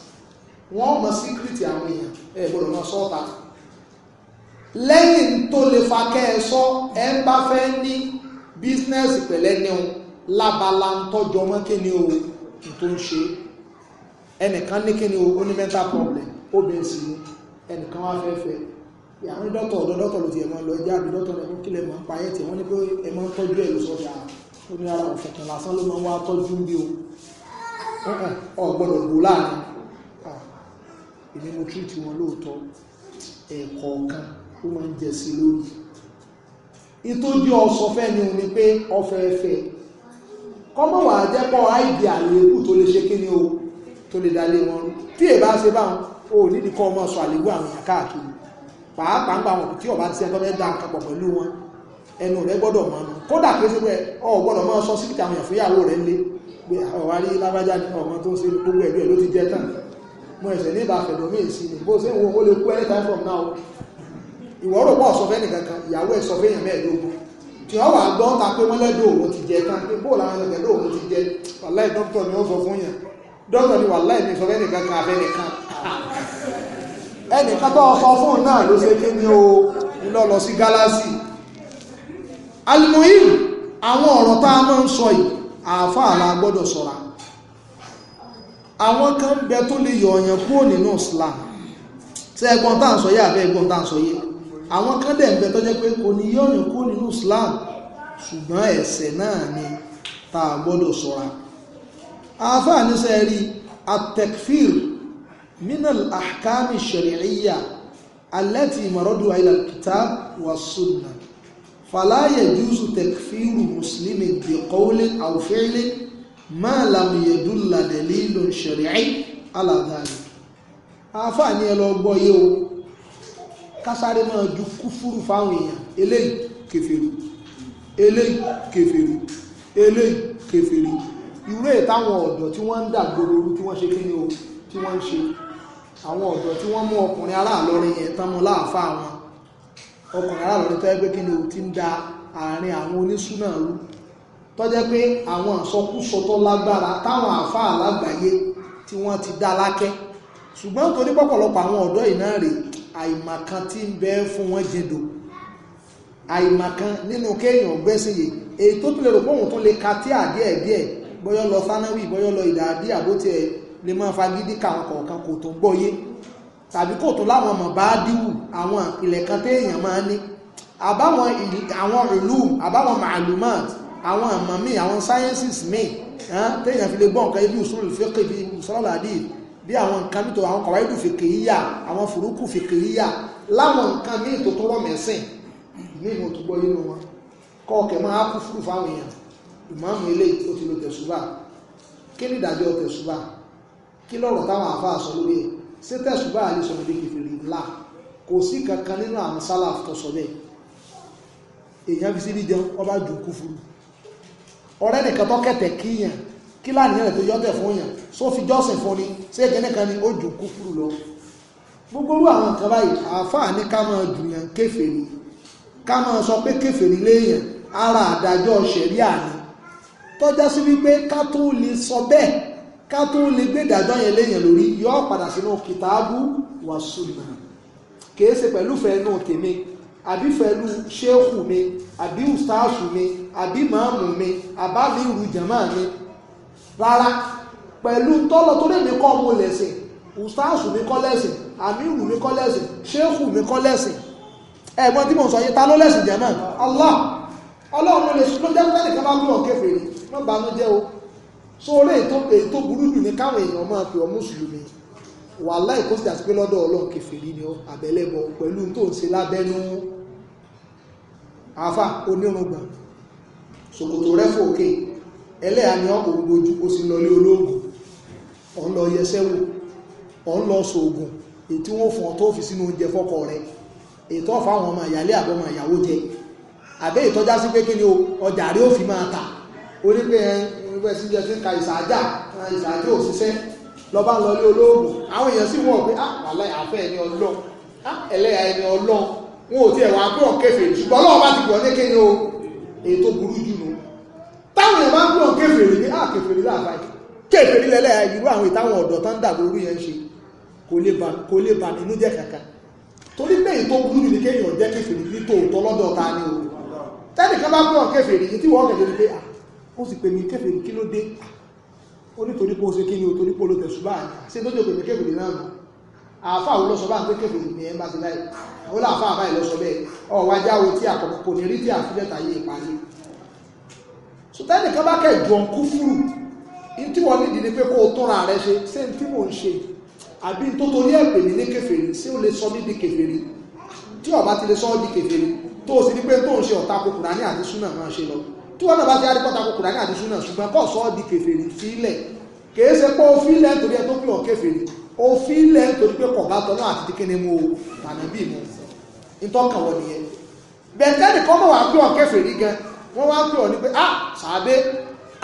wọ́n mọ̀ síkírìtì àwọn èèyàn ẹ̀ gbọ́dọ̀ máa sọ́ọ̀ta lẹ́yìn tó lè fa kẹ́ ẹ sọ ẹ ń bá fẹ́ ní bísínẹ́sì pẹ̀lẹ́ ní o lábala ń tọ́jú ọmọ kíni o tó ń ṣe ẹnìkan ní kíni o ó ní mental problem obìnrin sì ni ẹnìkan wá fẹ́ fẹ́ àwọn dọ́tọ̀ ọ̀dọ́ dọ́tọ̀ ló ti ẹ̀mọ́ lọ jẹ́ àbí dọ́tọ̀ rẹ̀ kílẹ̀ mọ́ pa ayẹ́ tí wọ́n ní pé ẹmọ́ tọ́jú ẹ̀ ló sọ bí ó ní ara ọ̀fẹ̀kan lásán ló máa ń wá tọ́jú bí o ọ̀gbọ́dọ̀ gbò láàrin èmi mo tírìtì wọn lóòótọ́ ẹ̀kọ̀ọ̀kan ó máa ń jẹ sí lórí ìtọ́jú ọ̀sọ̀ fẹ́ ni òun ni pé ọ̀fẹ́ẹ̀fẹ́ kọ́mọ̀ wà á jẹ́pọ̀ àìdí àléébù tó lè ṣe kí ni o tó lè dalé wọn tí èbá ṣe bá wọn ò nídìí kọ́ ọmọ sọ àléébù àwọn èèyàn káàkiri pàápàá ń gba wọn tí ọba ti ṣe ẹgbẹ́ dá nǹkan pọ̀ pẹ̀lú wọn ẹnu rẹ gbọ́dọ̀ mọ́ ọ kódà pé sí pé ọ gbọ́dọ̀ mọ́ sọ sí kíkà àwọn èèyàn fún ìyàwó rẹ lé pé ọ̀wá rí lágbájá ní ọmọ tó ń ṣe gbogbo ẹ̀bí ẹ̀ ló ti jẹ́ tán mo ẹ̀sẹ̀ ní ìbàfẹ̀dọ̀ mí bó ṣe ń wo ó lè kú anytime from now ìwọ́ rò pọ̀ sọfẹ́ nìkan kan ìyàwó ẹ̀ sọfẹ́ èèyàn mẹ́ẹ̀ẹ́dógún tí wọ́n wà gbọ́n ta pé wọ́n lẹ́dọ̀ òun ti jẹ tán pé bóòlù àwọn ẹlẹ́dọ̀ òun ti jẹ wàláì dókítà ni wọ́n sọ fún yàn dókítà ni wàláì mi sọfẹ́ nìkan kan abẹ́ nìkan ẹnìkan tó sọ fún náà ló ṣe kí ni o iná lọ sí gálásì alimoyin àwọn ọ̀rọ̀ tá a máa ń sọ yìí àáfàá la gbọ́dọ̀ sọ̀ra àwọn kan bẹ tó lè yọ ọ̀yàn kúrò nínú Islam ṣé ẹgbọ́n tá à ń sọ yé àbẹ́ ẹgbọ́n tá à ń sọ yé àwọn kan dẹ̀ ń bẹ tó jẹ́ pé kò ní yọ̀yàn kó nínú Islam ṣùgbọ́n ẹ̀ṣẹ̀ náà ni tá a gbọ́dọ̀ ṣọ́ra àáfàá níṣẹ́ rí atẹ́kfír minal ahkami shari'iyya alẹ́tì ìmọ̀rọ́dù al-kitab wa sunna fala yajuzu tẹ́kfíru muslimin bi qawlin aw fi'lin ma lam yadulla shari'i ala dhalik ní ẹ lọ kásáré máa ju kúfúrú fáwọn èèyàn eléyìí kèfèrí eléyìí kèfèrí eléyìí kèfèrí irú èyí táwọn ọ̀dọ́ tí wọ́n ń dà gbogbo tí wọ́n ṣe kí ni o tí wọ́n ń ṣe àwọn ọ̀dọ́ tí wọ́n mú ọkùnrin aláàlọ́rin yẹn tán mú láàfáà wọn ọkùnrin aláàlọ́rin tó ẹgbẹ́ kí ni o ti ń da àárín àwọn onísúná rú tó jẹ́ pé àwọn àsọkúsọ tó lágbára táwọn àáfáà lágbàáyé tí wọ́n ti dá lákẹ́ ṣùgbọ́n torí pọ̀pọ̀lọpọ̀ àwọn ọ̀dọ́ yìí náà rèé àìmọ̀kan tí ń bẹ fún wọn jẹ́dò àìmọ̀kan nínú kéèyàn gbẹ́sìn yìí èyí tó tún lè rò pé òun tún lè ka tí àdíẹ̀ díẹ̀ bọ́yọ́ lọ sánáwì bọ́yọ́ lọ ìdàdí àbótí ẹ̀ lè máa fagídí ka àwọn kọ̀ọ̀kan kò tó ń gbọ́yé tàbí kò tó láwọn ọmọ bá díwù àwọn ìpìlẹ̀ kan téèyàn máa ní àbáwọn àwọn ìlú àbáwọn màálùmáàt àwọn àmọ́ míì àwọn sáyẹ́nsìs míì téèyàn fi lè gbọ́ nǹkan ibi usul fiqh ibi usul hadith bí àwọn nǹkan mìtò àwọn kọ̀wáìdù fèkè yíyà àwọn fùrúkù fèkè yíyà láwọn nǹkan míì tó tọrọ mẹ́sìn míì mo tó gbọ́ yínú wọn kọ́ọ̀kẹ́ máa kú fúrú fáwọn èèyàn ìmáàmù ilé ó ti lo tẹ̀sùbà kí ni ìdájọ́ tẹ̀sùbà kí lọ́rọ̀ táwọn àfáà sọ lórí ẹ̀ ṣé tẹ̀sùbà àlè sọ ní kékeré ńlá kò sí kankan nínú àwọn sálàf tó sọ bẹ́ẹ̀ èèyàn fi sí ní jẹun ọba jù kú fúrú ọ̀rẹ́ nìkan tọ́kẹ̀tẹ̀ kíyàn kí láàníyàn tó yọ́tẹ̀ fún èèyàn só fi jọ́sìn fún ni ṣé kẹ́ni kan ni ó jù kúfúrú lọ gbogbo orú àwọn nǹkan báyìí àáfàá ní ká máa jùyàn kèfèrí ká máa sọ pé kèfèrí léèyàn ara àdájọ́ ṣẹ̀ríà ni tọ́já sí wípé ká tó lè sọ bẹ́ẹ̀ ká tó lè gbé ìdájọ́ yẹn léèyàn lórí yọ padà sínú kìtàbù wà sùnà kìí ṣe pẹ̀lú fẹ́ẹ́nù tèmi àbí fẹ́ẹ́lú ṣéèkù mi àbí ustaasu mi àbí màámù mi àbá mi rú jàmáà mi rárá pẹ̀lú tọ́lọ̀ torí mi kọ́ mo lẹ̀sìn ustaasu mi kọ́ lẹ́sìn amiru mi kọ́ lẹ́sìn shehu mi kọ́ lẹ́sìn ẹ̀gbọ́n tí mo sọ yìí ta ló lẹ́sìn jẹ́ náà allah ọlọ́run lè ló jẹ́ pẹ́lú kan bá gbé ọ̀kẹ́ fèrè ló bá ló jẹ́ o so orí ètò ètò burú jù ní káwọn èèyàn máa fi ọmú sùlùmí wàláhì kó sì àti pé lọ́dọ̀ ọlọ́run kèfèrí ni àbẹ̀lẹ́bọ pẹ̀lú tó ń ṣe lábẹ́nú àáfà onírùngbọ̀n ṣòkòtò rẹ́fò òkè okay ẹlẹ́yà ni ọkọ̀ gbojú ó sì lọ lé olóògùn ọ̀n lọ yẹsẹ́wò ọ̀n lọ sóògùn ètí wọ́n fún ọ tó fi sínú oúnjẹ fọ́kọ rẹ̀ ètò ọ̀fà àwọn ọmọ ìyálé àbọ̀mọ̀ ìyàwó jẹ àbẹ́ ìtọ́já sí pé kí ni ọjà rí ó fi máa tà ó ní pé ẹgbẹ́ sí jẹ́ sí ka ìsàájà ìsàájà òṣìṣẹ́ lọ́ba lọ lé olóògùn àwọn èèyàn sì wọ̀ pé àpàlẹ́ ah, àfẹ́ ẹni ọlọ́run ah, ẹlẹ́yà ẹni ọlọ́run wọn ò tiẹ̀ wá pé ọ̀kẹ́fẹ̀ẹ́ ṣùgbọ́n ọlọ́run bá ti gbọ́ ní kí ni o ètò burú jù nù táwọn èèyàn máa ń gbọ́n kéfèrè ní àkèfèrè ah, láàbáyé kéfèrè lẹ́lẹ́ irú àwọn ìtàwọn ọ̀dọ́ tán dàgbò orí yẹn ṣe kò lè bà nínú jẹ́ kàkà torí pé èyí tó burú jù ní kéèyàn jẹ́ kéfèrè ní tòótọ́ lọ́dọ̀ ta ni o tẹ́nìkan bá gbọ́n kéfèrè yìí tí wọ́n kẹ̀kẹ́ ni pé à ah, ó sì pè mí kéfèrè kí ló dé ó ní torí pé ó ṣe kí ni o torí pé ó lo tẹ̀sùbá ṣé tó jẹ́ pèmí kéfèrè náà nù àáfà ò lọ sọ bá ń pé kéfèrè ní ẹ̀ ń bá ti láì ó láàfà àbáyé lọ sọ bẹ́ẹ̀ ọ̀wájáwo tí àkọ́kọ́ kò ní rí tí àfilẹ́ta yé sùtẹ́ nìkan bá kẹjọ ń kú fúrù ní tí wọ́n nídìí ni pé kó o túnra rẹ ṣe ṣé n tí mò ń ṣe àbí tó torí ẹ̀ pè mí ní kèfèrí ṣé o lè sọ mí di kèfèrí tí ọba ti lè sọ ọ́ di kèfèrí tó o sì ní pé tó ń ṣe ọ̀tá kòkòrò ní àti súnà máa ṣe lọ tí wọ́n náà bá ti arípọ́ta kòkòrò ní àti súnà ṣùgbọ́n kó sọ ọ́ di kèfèrí sílẹ̀ kìí ṣe pé o fílẹ̀ nítorí ẹ tó pè ọ́ kèfèrí o fílẹ̀ nítorí pé kọ̀ọ̀bá tọ́lọ́ àti kíni mu o tànàbí mu ìtọ́kàwọ́ nìyẹn bẹ̀ẹ́tẹ́nì kan mọ̀ wọ́n wá pè ọ́ ní pé ah sàábé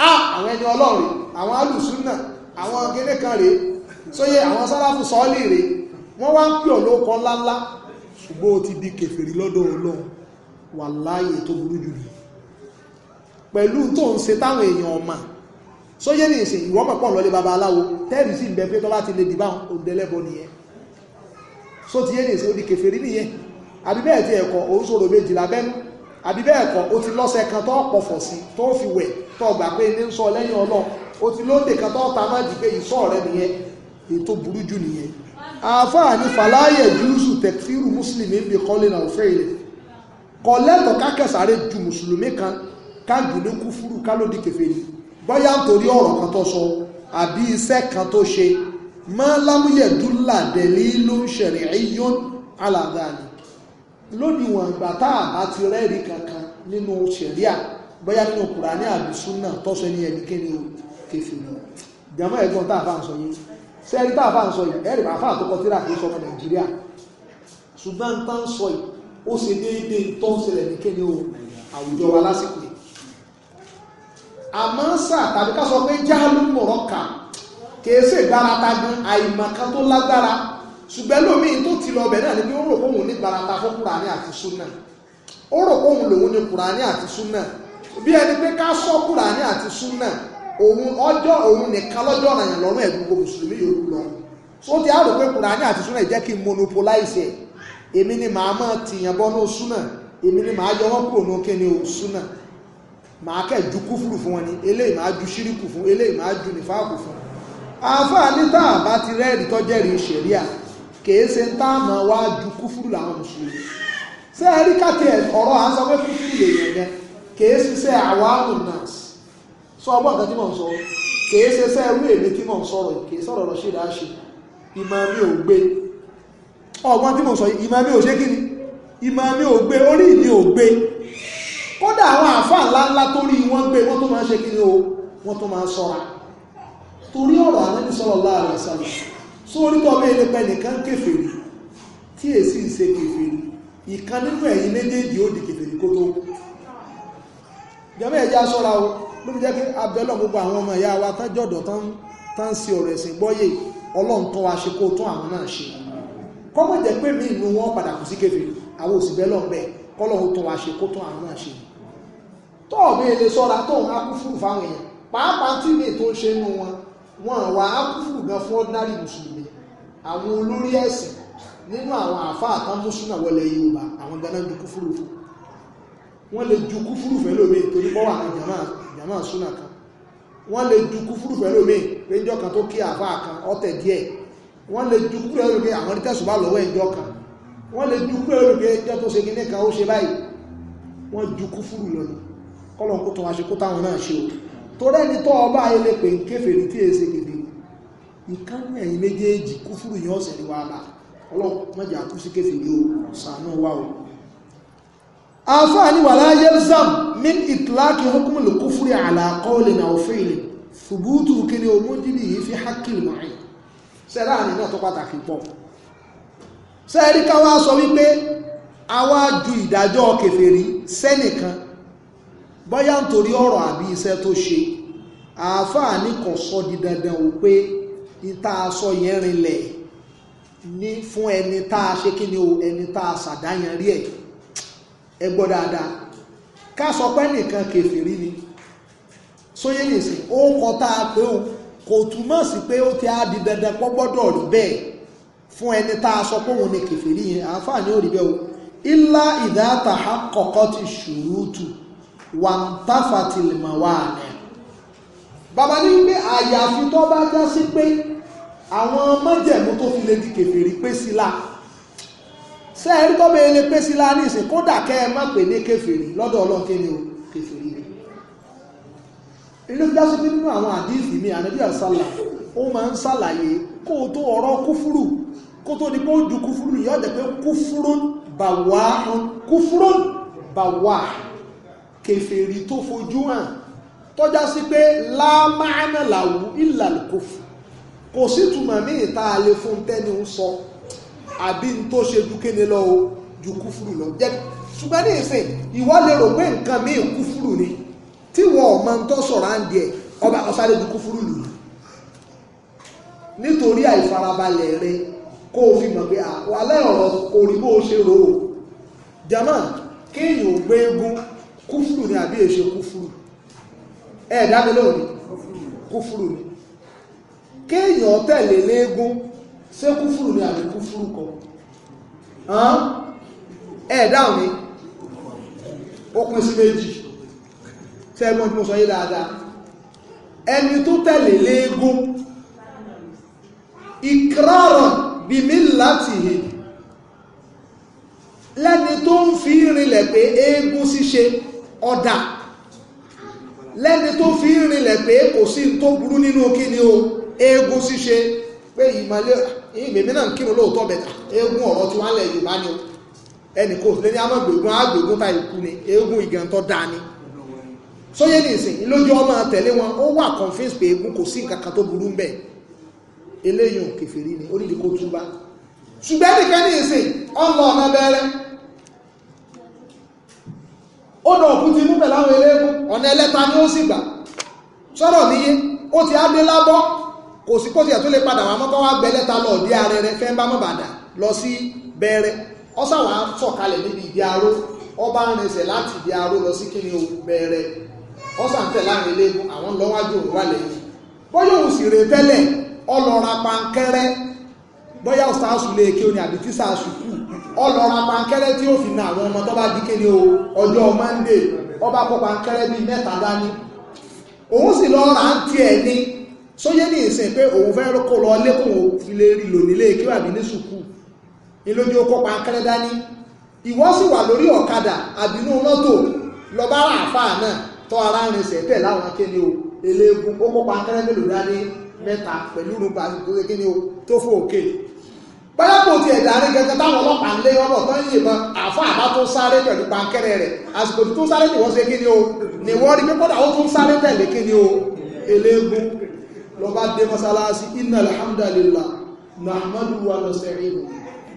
ah àwọn ẹni ọlọ́run àwọn alùsúnà àwọn gẹ́gẹ́ kan rèé sóyè àwọn sáláfù sọ́ọ́lì rèé wọ́n wá pè ọ́ lóko ńláńlá ṣùgbọ́n ó ti di kèfèrí lọ́dọ̀ ọlọ́run wà láàyè tó burú jù lọ pẹ̀lú tó ń ṣe táwọn èèyàn ọmọ sóyè ní ìsìn ìwọ́n mọ̀ pọ̀ lọ́lé baba aláwo tẹ́rì sí di kèfèrí nìyẹn àbí bẹ́ẹ̀ ti ẹ̀kọ́ òun sọ̀rọ̀ méjìlá bẹ́nu àbí bẹ́ẹ̀ kọ́ o ti lọ́sẹ̀ kan tó pọ̀fọ̀ sí tó fi wẹ̀ tó gbà pé ilé ń sọ lẹ́yìn ọlọ́run o ti lóde kan tó ta máa dìgbé ìsọ́ rẹ nìyẹn ètò burú jù nìyẹn àáfàá ní fàlàyé júùsù tẹ̀kfírù mùsùlùmí bí kọ́lé náà fẹ́ ilẹ̀ kọ́ lẹ́tọ̀ kákẹ́sàárẹ̀ ju mùsùlùmí kan káàdùnú kúfúrú kálódì kèfèrí bóyá nítorí ọ̀rọ̀ kan tó sọ àbí iṣẹ́ kan tó ṣe mọ́ lámúyẹ̀dúlà dẹ̀lí ló ń ẹ̀yọ́n aládàáni lódiwọ̀n ìgbà tá a bá ti rẹ́ẹ̀rí kankan nínú ṣẹ̀ríà bóyá nínú kùránì àbí súnà tọ́sọ ní ẹnikẹ́ni o kèfì mọ́ ìjàmọ́ ẹ̀gbọ́n tá a fà ń sọ yìí sẹ́ẹ̀rí tá a fà ń sọ yìí ẹ̀rì bàfà àtọkọ tíra kì í sọmọ nàìjíríà ṣùgbọ́n tá ń sọ yìí ó ṣe déédéé tọ́ ṣẹlẹ̀ nìkẹ́ni o àwùjọ wa lásìkò yìí àmọ́ sà tàbí ká sọ pé jáàlú mọ̀rọ̀ kà kèé ṣègbára tagun àìmọ̀kan tó lágbára ṣùgbọ́n lómiì tó ti lọ ọbẹ̀ náà ni pé ó rò kóhun ní gbarata fún kùránì àti súnà ó rò kóhun lòun ní kùránì àti súnà bí ẹni pé ká sọ kùránì àti súnà òun ọjọ́ òun nìkan lọ́jọ́ ọ̀nà yẹn lọ́rùn ẹ̀dùn gbogbo mùsùlùmí yòókù lọ so ti á rò pé kùránì àti súnà jẹ́ kí n monopolize ẹ̀ èmi ni màá mọ̀ tìyàn bọ́ ní súnà èmi ni màá yọ wọ́n kúrò ní òkè ní súnà màá kẹ́ ju kúfùrù fún wọn ni eléyìí màá ju ṣíríkù fún eléyìí màá ju nìfáàkù fún àǹfààní tá a bá ti rẹ́ẹ̀dì tọ́jẹ́rìí ṣẹ̀ríà kèé ṣe ń táàmù wá ju kúfúrú làwọn mùsùlùmí ṣé ẹ rí káàtì ọ̀rọ̀ à ń sọ pé kúfúrú lèèyàn yẹn kèé ṣiṣẹ́ àwáàmù nas sọ ọgbọ́n kan tí mò ń sọ kèé ṣiṣẹ́ irú èmi tí mò ń sọ̀rọ̀ kèé sọ̀rọ̀ lọ ṣèdá ṣe ìmọ̀ mi ò gbé ọgbọ́n tí mò ń sọ ìmọ̀ mi ò ṣe kí ni ìmọ̀ mi ò gbé orí mi ò gbé kódà àwọn àfáà ńláńlá tó rí wọ́n gbé wọ́n tó máa ṣe kí ni o wọ́n tó máa sọ́ra torí ọ̀rọ̀ ànábì sallallahu alaihi wasallam sórítọ́ bí ilé pẹ́ nìkan kèfèrí tí èsì ń ṣe kèfèrí ìkan nínú ẹ̀yin méjèèjì ó di kèfèrí kó tó jẹ́mọ́ ẹ̀já sọ́ra o ló fi jẹ́ pé abẹ́lọ́ gbogbo àwọn ọmọ ìyá wa tájọ́dọ̀ tán sí ọ̀rọ̀ ẹ̀sìn gbọ́yè ọlọ́run tó wa ṣe kó tún àwọn náà ṣe kọ́mọ̀ jẹ́ pé mí inú wọn padà kù sí kèfèrí àwọn òsì bẹ́lọ̀ bẹ́ẹ̀ kọ́lọ́run tó wa ṣe kó tún àwọn náà ṣe tọ́ọ̀bí ilé sọ́ra tóun á kú fún fáwọn èèyàn pàápàá tí mi tó ń ṣe nú wọn wọn wà á kú fún gan fún ordinary mùsùlùmí àwọn olórí ẹ̀sìn nínú àwọn àfáà kan mú súnà wọlé Yorùbá àwọn gbaná ju kúfúrú wọ́n lè ju kúfúrú fẹ́lómi torí pọ́wà ní jàmá súnà kan wọ́n lè ju kúfúrú fẹ́lómi péjọ kan tó kí àfáà kan ọ̀tẹ̀ díẹ̀ wọ́n lè ju kúfúrú fẹ́lómi àwọn onítẹ̀sùbá lọ́wọ́ ẹ̀jọ́ kan wọ́n lè ju kúfúrú fẹ́lómi ẹjọ́ tó ṣe kíní kan ó ìkánú ẹ̀yìn méjèèjì kú fúrù yẹn ọ̀sẹ̀ ní wàhálà ọlọ́mọjà kú sí kéfì ní òsànú wà o afá ní wàlá yelzam min ìtìláàkì hukumul kúfúrì ala qawlin aw fi'lin fùbútù kí ni yìí fi hákìl mọ̀ọ́yìn sẹ́lá ní kò sọ di dandan o pé ìta aṣọ yẹn rinlẹ̀ ní fún ẹni tá a ṣe kí ni o ẹni tá a ṣàdáyan rí ẹ̀ ẹ gbọ́ dáadáa ká sọ pé nìkan kèfèrí ni sóyè nìsín ó kọ tá a pé o kò túmọ̀ sí pé ó ti á di dandan pọ́ gbọ́dọ̀ rí bẹ́ẹ̀ fún ẹni tá a sọ pé òun ni kèfèrí yẹn àǹfààní ò rí bẹ́ẹ̀ o ilá ìdáta àkọ́kọ́ ti ṣùrùtù wà ń tàfà tìlìmọ̀ wà ní Baba ní pé àyàfi tó bá já sí pé àwọn mọ́jẹ̀mú tó fi lè di kèfèrí pé sí la ṣe ẹ̀rí tó bẹ́ẹ̀ lè pé sí la ní ìsìn kódà kẹ́ ẹ má pè ní kèfèrí lọ́dọ̀ ọlọ́run kí ni o kèfèrí ni ilé já sí nínú àwọn àdíìsì mi ànábíà sálà ó máa ń sàlàyé kó o tó ọ̀rọ̀ kúfúrù kó tó di pé ó du kúfúrú yọ́ dẹ̀ pé kúfúrú bàwá kúfúrú bàwá kèfèrí tó fojú hàn tọ́já sí pé lámáàánà làwù ìlàlùkòfù kò sí túmọ̀ ní ìta àlè fún tẹ́ni ń sọ àbí n tó ṣe ju kéde lọ o ju kúfúrú lọ jẹ́ ṣùgbọ́n ní ìsìn ìwọ lè rò pé nǹkan míì kúfúrú ni tí wọ́n ọmọ ń tọ́ sọ̀rọ̀ à ń diẹ ọba ọ̀sáré ju kúfúrú lù nítorí àìfarabalẹ̀ rẹ kó o fi mọ̀ pé àpò alẹ́ ọ̀rọ̀ kò rí bó o ṣe rò ó jama kéèyàn gbé egun kúfúrú ni àbí èṣe kúfúrú ẹ̀ẹ̀dá mi lóhùn ni kúfúrú ni kéèyàn tẹ̀lé léégún ṣé kúfúrú ni àbí kúfúrú kọ́ ẹ̀ẹ̀dá mi ó pín sí méjì tẹ́gbọ́n tí mo sọ yé dáadáa ẹni tó tẹ̀lé léégún ìkírọ̀rọ̀ bìmí láti hì lẹ́ni tó ń fi rinlẹ̀ pé eégún ṣíṣe ọ̀dà lẹ́ni tó fi ń rinlẹ̀ pé kò sí tó burú nínú kí ni o eégún ṣíṣe pé ìmọ̀lẹ́ ìgbèmí náà kírun lóòótọ́ bẹ̀ta eégún ọ̀rọ̀ tí wọ́n lẹ̀ yorùbá ni o ẹnì kò lé ní amọ̀gbègún agbègún ta ìkú ni eégún ìgàn tó dáa ni sóyè nìsín lójú ọmọ tẹ̀lé wọn ó wà convince pé eégún kò sí nǹkan kan tó burú ń bẹ̀ eléyìí kèfèrí ni ó nídìí kó túbá ṣùgbẹ́ nìkan nìsín ọmọ ọmọ bẹ̀rẹ̀ ó dọ̀ òkú ti mú pẹ̀lú àwọn eléégún ọ̀nà ẹlẹ́ta ni ó sì gbà sọ̀rọ̀ níye ó ti ábé lábọ́ kò sí kó tiẹ̀ tó lè padà wà mọ́kọ́ wá gbẹ́lẹ́ta lọ dé arẹrẹ fẹ́ ń bá mọ́bàdà lọ sí bẹ̀rẹ̀ ọ́sàwà sọ̀kalẹ̀ níbi ìdí aró ọba ń rinṣẹ̀ láti ìdí aró lọ sí kíni o bẹ̀rẹ̀ ọ́sàǹtẹ̀ láàrin eléégún àwọn lọ́wájú òun wà lẹ́yìn bóyá òun sì rè tẹ́lẹ̀ o e ní àbí tíṣà àṣù ọlọ́ra pankẹ́rẹ́ tí ó fi na àwọn ọmọ tó bá di kéde o ọjọ́ mọ́ndé ọba kó pankẹ́rẹ́ bíi mẹ́ta dání òun sì lọ ra ń tiẹ̀ ní sóyé ní ìsìn pé òun fẹ́ kó lọ lẹ́kùn òfin lè rí lò nílé kí wàbí ní sùkú ìlójú ó kó pankẹ́rẹ́ dání ìwọ sì wà lórí ọ̀kadà àbínú mọ́tò lọ́ba ara àfáà náà tọ́ ara rìn sẹ́tẹ̀ láwọn kéde o eléegun ó kó pankẹ́rẹ́ mélòó dání mẹ́ta pẹ̀lú rúpa tó kéde o òkè báyàpọ̀ ti ẹ̀dá rí gẹ́gẹ́ táwọn ọlọ́pàá ń lé ọ̀rọ̀ tó ń yìnbọn àfa àbá tó sáré pẹ̀lú pankẹ́rẹ́ rẹ̀ àsìkò tó sáré ni wọ́n ṣe kí ni o ni wọ́n rí pípọ́dà ó tún sáré tẹ̀lé kí ni o eléégún lọ́ba dé mọ́sálásí inna alhamdulillah nahmadu wa nasta'inu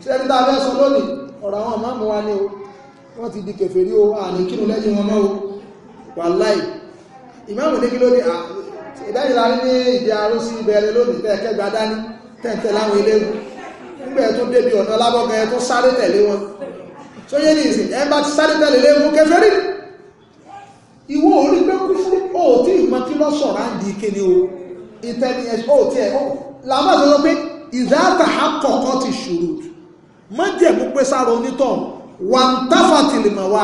sẹ́ni tá a fẹ́ sọ lónìí ọ̀rọ̀ àwọn máàmù wa ni o wọ́n ti di kèfèrí o àní kírun lẹ́yìn wọn o wàláì ìmáàmù ní kí ló dé ìdájìlá ní ìdí arúsí ìbẹ̀rẹ̀ lónìí tẹ́ẹ̀kẹ́gbà dání tẹ́ẹ̀tẹ́ láwọn eléégún nígbà tó débi ọ̀nà lábọ́gán ẹ tó sáré tẹ̀lé wọn tó yé ní ìsìn ẹ̀mbá ti sáré tẹ̀lé lé mú kèfèrí ìwọ orí pé kú fún òtí ìmọ̀ kí lọ sọ̀rọ̀ á di kéde o intelligence òtí ẹ̀ làwọn àti sọ pé ìdáàtà àkọ́kọ́ ti ṣòro má jẹ̀mú pé sára onítọ̀ wà ń táfà tìlìmọ̀ wà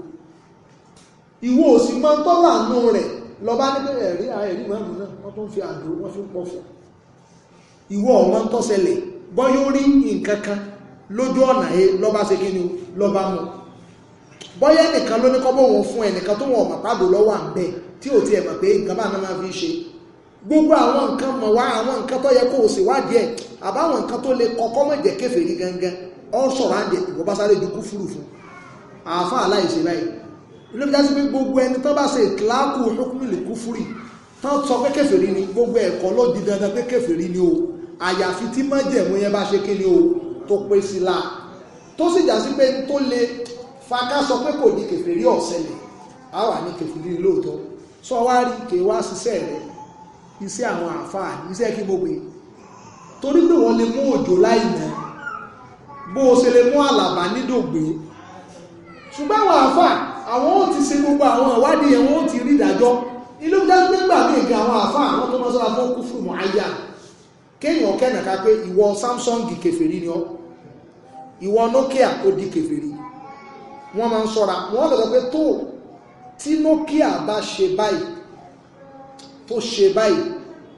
ìwọ òsì máa ń tọ́lá àánú rẹ̀ lọ́ba nígbà ẹ̀rí ẹ̀rí màmú náà wọ́n tó ń fi àdó wọ́n fi ń pọ̀ fún ìwọ ọ̀wọ́ ń tọ́sẹlẹ̀ bọ́ yóò rí nǹkan kan lójú ọ̀nà yìí lọ́ba ṣe kíni lọ́ba mọ̀ bọ́yá nìkan ló ní kọ́bọ̀ wọn fún ẹnìkan tó wọn ọ̀mà pàdó lọ́wọ́ à ń bẹ̀ tí ò ti ẹ̀mọ̀ pé nǹkan bá náà máa fi ṣe gbogbo àwọn nǹkan mọ̀ wá àwọn nǹkan tó yẹ kó o sì wádìí ẹ̀ àbáwọn nǹkan tó lè kọ́kọ́ mọ̀ jẹ́ kèfèrí gangan ọ̀ sọ̀rọ̀ àǹdẹ̀ ìwọ bá sáré ju kúfúrú àáfàá aláìṣe báyìí olóbi dá sí pé gbogbo ẹni tó bá ṣe ìtìláàkù hukmil kúfúrì tán sọ pé kèfèrí ni gbogbo ẹ̀kọ́ ló di dandan pé kèfèrí ni o àyàfi tí májẹ̀mú yẹn bá ṣe kí ni o tó pé sí la tó sì já sí pé tó le faká sọ pé kò ní kèfèrí ọ̀sẹ̀lẹ̀ á wà ní kèfèrí lóòótọ́ sọ wá rí kè wá ṣiṣẹ́ rẹ iṣẹ́ àwọn àfáà iṣẹ́ kí mo pè torí pé wọ́n lè mú òjò láì náà bó o ṣe lè mú àlàbà nídògbé ṣùgbọ́n àwọn àfáà àwọn ò ti ṣe gbogbo àwọn ìwádìí yẹn wọn ò ti rí ìdájọ́ ilé ń dájú nígbà míì gan àwọn àfa àwọn tó máa sọ́ra fún kúfù mọ́ àyà kéèyàn kẹ́nàká pé ìwọ Samsung kèfèrí ni ọ ìwọ Nokia ó di kèfèrí wọ́n máa ń sọ́ra wọ́n lọ́dọ̀ pé tó tí Nokia bá ṣe báyìí tó ṣe báyìí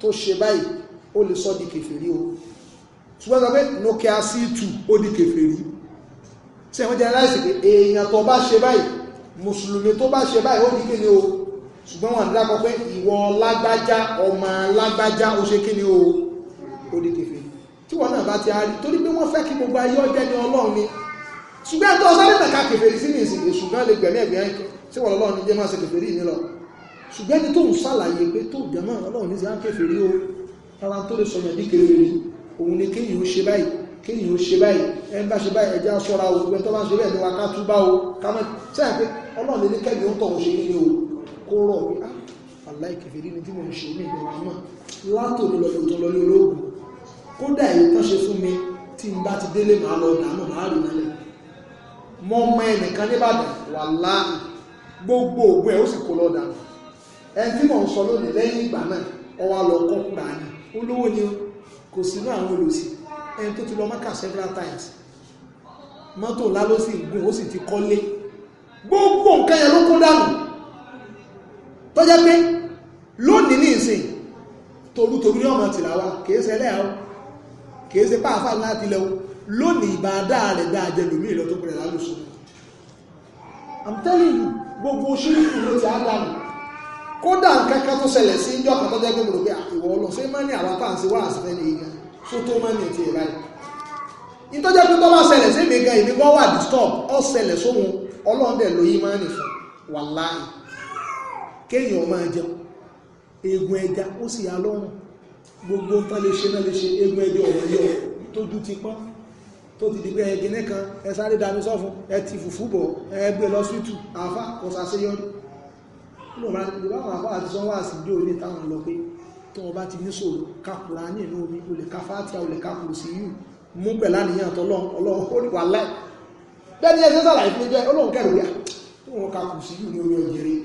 tó ṣe báyìí ó lè sọ di kèfèrí o ṣùgbọ́n sọ pé Nokia C2 ó di kèfèrí ṣé wọ́n jẹ́ láìsí pé èèyàn tó bá ṣe báyìí mùsùlùmí tó bá ṣe báyìí ó ní kí ni o ṣùgbọ́n wọn dákọ pé ìwọ lágbájá ọmọ lágbájá ó ṣe kí ni o ó di kèfè tí wọn náà bá ti rí torí pé wọ́n fẹ́ kí gbogbo ayé ọjẹ́ ni ọlọ́run ni ṣùgbọ́n ẹ̀tọ́ sáré mẹ́ka kèfè sí ní ìsìn ṣùgbọ́n lè gbẹ̀mí ẹ̀gbẹ̀ sí wọn ọlọ́run ní jẹ́ máa ṣe kèfè rí mi lọ ṣùgbọ́n ẹni tó ń ṣàlàyé pé tó jẹ́ náà ọlọ́run ní ti á kèfè rí o rárá tó lè sọ yẹn bí kèrè òun ni kéyìn ó ṣe báyìí kéèyàn ó ṣe báyìí ẹ ń bá ṣe báyìí ẹjẹ́ aṣọ́ra o gbẹ́ tó bá ń ṣe bẹ́ẹ̀ ni wa ká tú bá o kámọ́ sẹ́yìn pé ọlọ́run lè kẹ́mi ó tọ̀hún ṣe nílé o kó rọ̀ wí á ah, aláìkè fèrè ni tí mo ń ṣe ní ìgbà wọn náà látò ní lọ́dún tó lọ́lé olóògùn kódà èyí tó ṣe fún mi tí n bá ti délé màá lọ dànù màá rìn nálẹ̀ mọ́ ọmọ ẹnìkan nìbàdàn wà láàyè gbogbo ògùn ẹ̀ ó sì kó lọ dànù ẹni tí mò ń ẹni tó ti lọ mọ́kà several times mọ́tò ńlá ló sì ó sì ti kọ́lé gbogbo nǹkan yẹn ló kó dànù tó jẹ́ pé lónìí ní ìsìn torútorú ní ọmọ tìlàwà kìí ṣe ẹlẹ́yà ó kìí ṣe pàáfà láti lẹ́wọ́ lónìí ìbàdá rẹ̀ dáa jẹ lómi ìlọ tó pẹ̀lẹ̀ lálùsùn i'm telling you gbogbo ṣíríkù ló ti á dànù kódà nǹkan tó ṣẹlẹ̀ sí ìjọ kan tó jẹ́ pé pé ah, ìwọ lọ sí mọ́ àwọn tá à ń ṣe wá ní ìgbà tó tó mọ́ ní ti ìbáyìí ìtọ́jẹ́ pé tọ́lá ṣẹlẹ̀ sí èmi gan èmi gan wà disturb ọ ṣẹlẹ̀ sóhun ọlọ́run dẹ̀ lóyún máa nì fún wàláì kéèyàn máa jẹun egun ẹja ó sì yá lọ́rùn gbogbo nǹkan lè ṣe náà lè ṣe egun ẹja ọ̀rọ̀ yọ tójú ti pọ́n tó ti di pé nìkan ẹ sáré dami sọ́fun ẹ ti fùfú bọ̀ ẹ lọ síìtù àáfà kò sàṣeyọrí lóòrán ìbáwọn àti sanwó àsìjó ní táwọn lọ pé tó o bá ti ní sòrò ka Kùránì inú omi o lè ka fátíà o lè ka kùrùsí yìí mú pẹ̀lá nìyàn tọ́lọ́run ọlọ́run ó ní wà láì bẹ́ẹ̀ ni ẹ ṣe sàlàyé fún ẹjọ́ ọlọ́run kẹrù yá tó wọn ka kùrùsí yìí ní orí ọ̀jẹ̀rẹ̀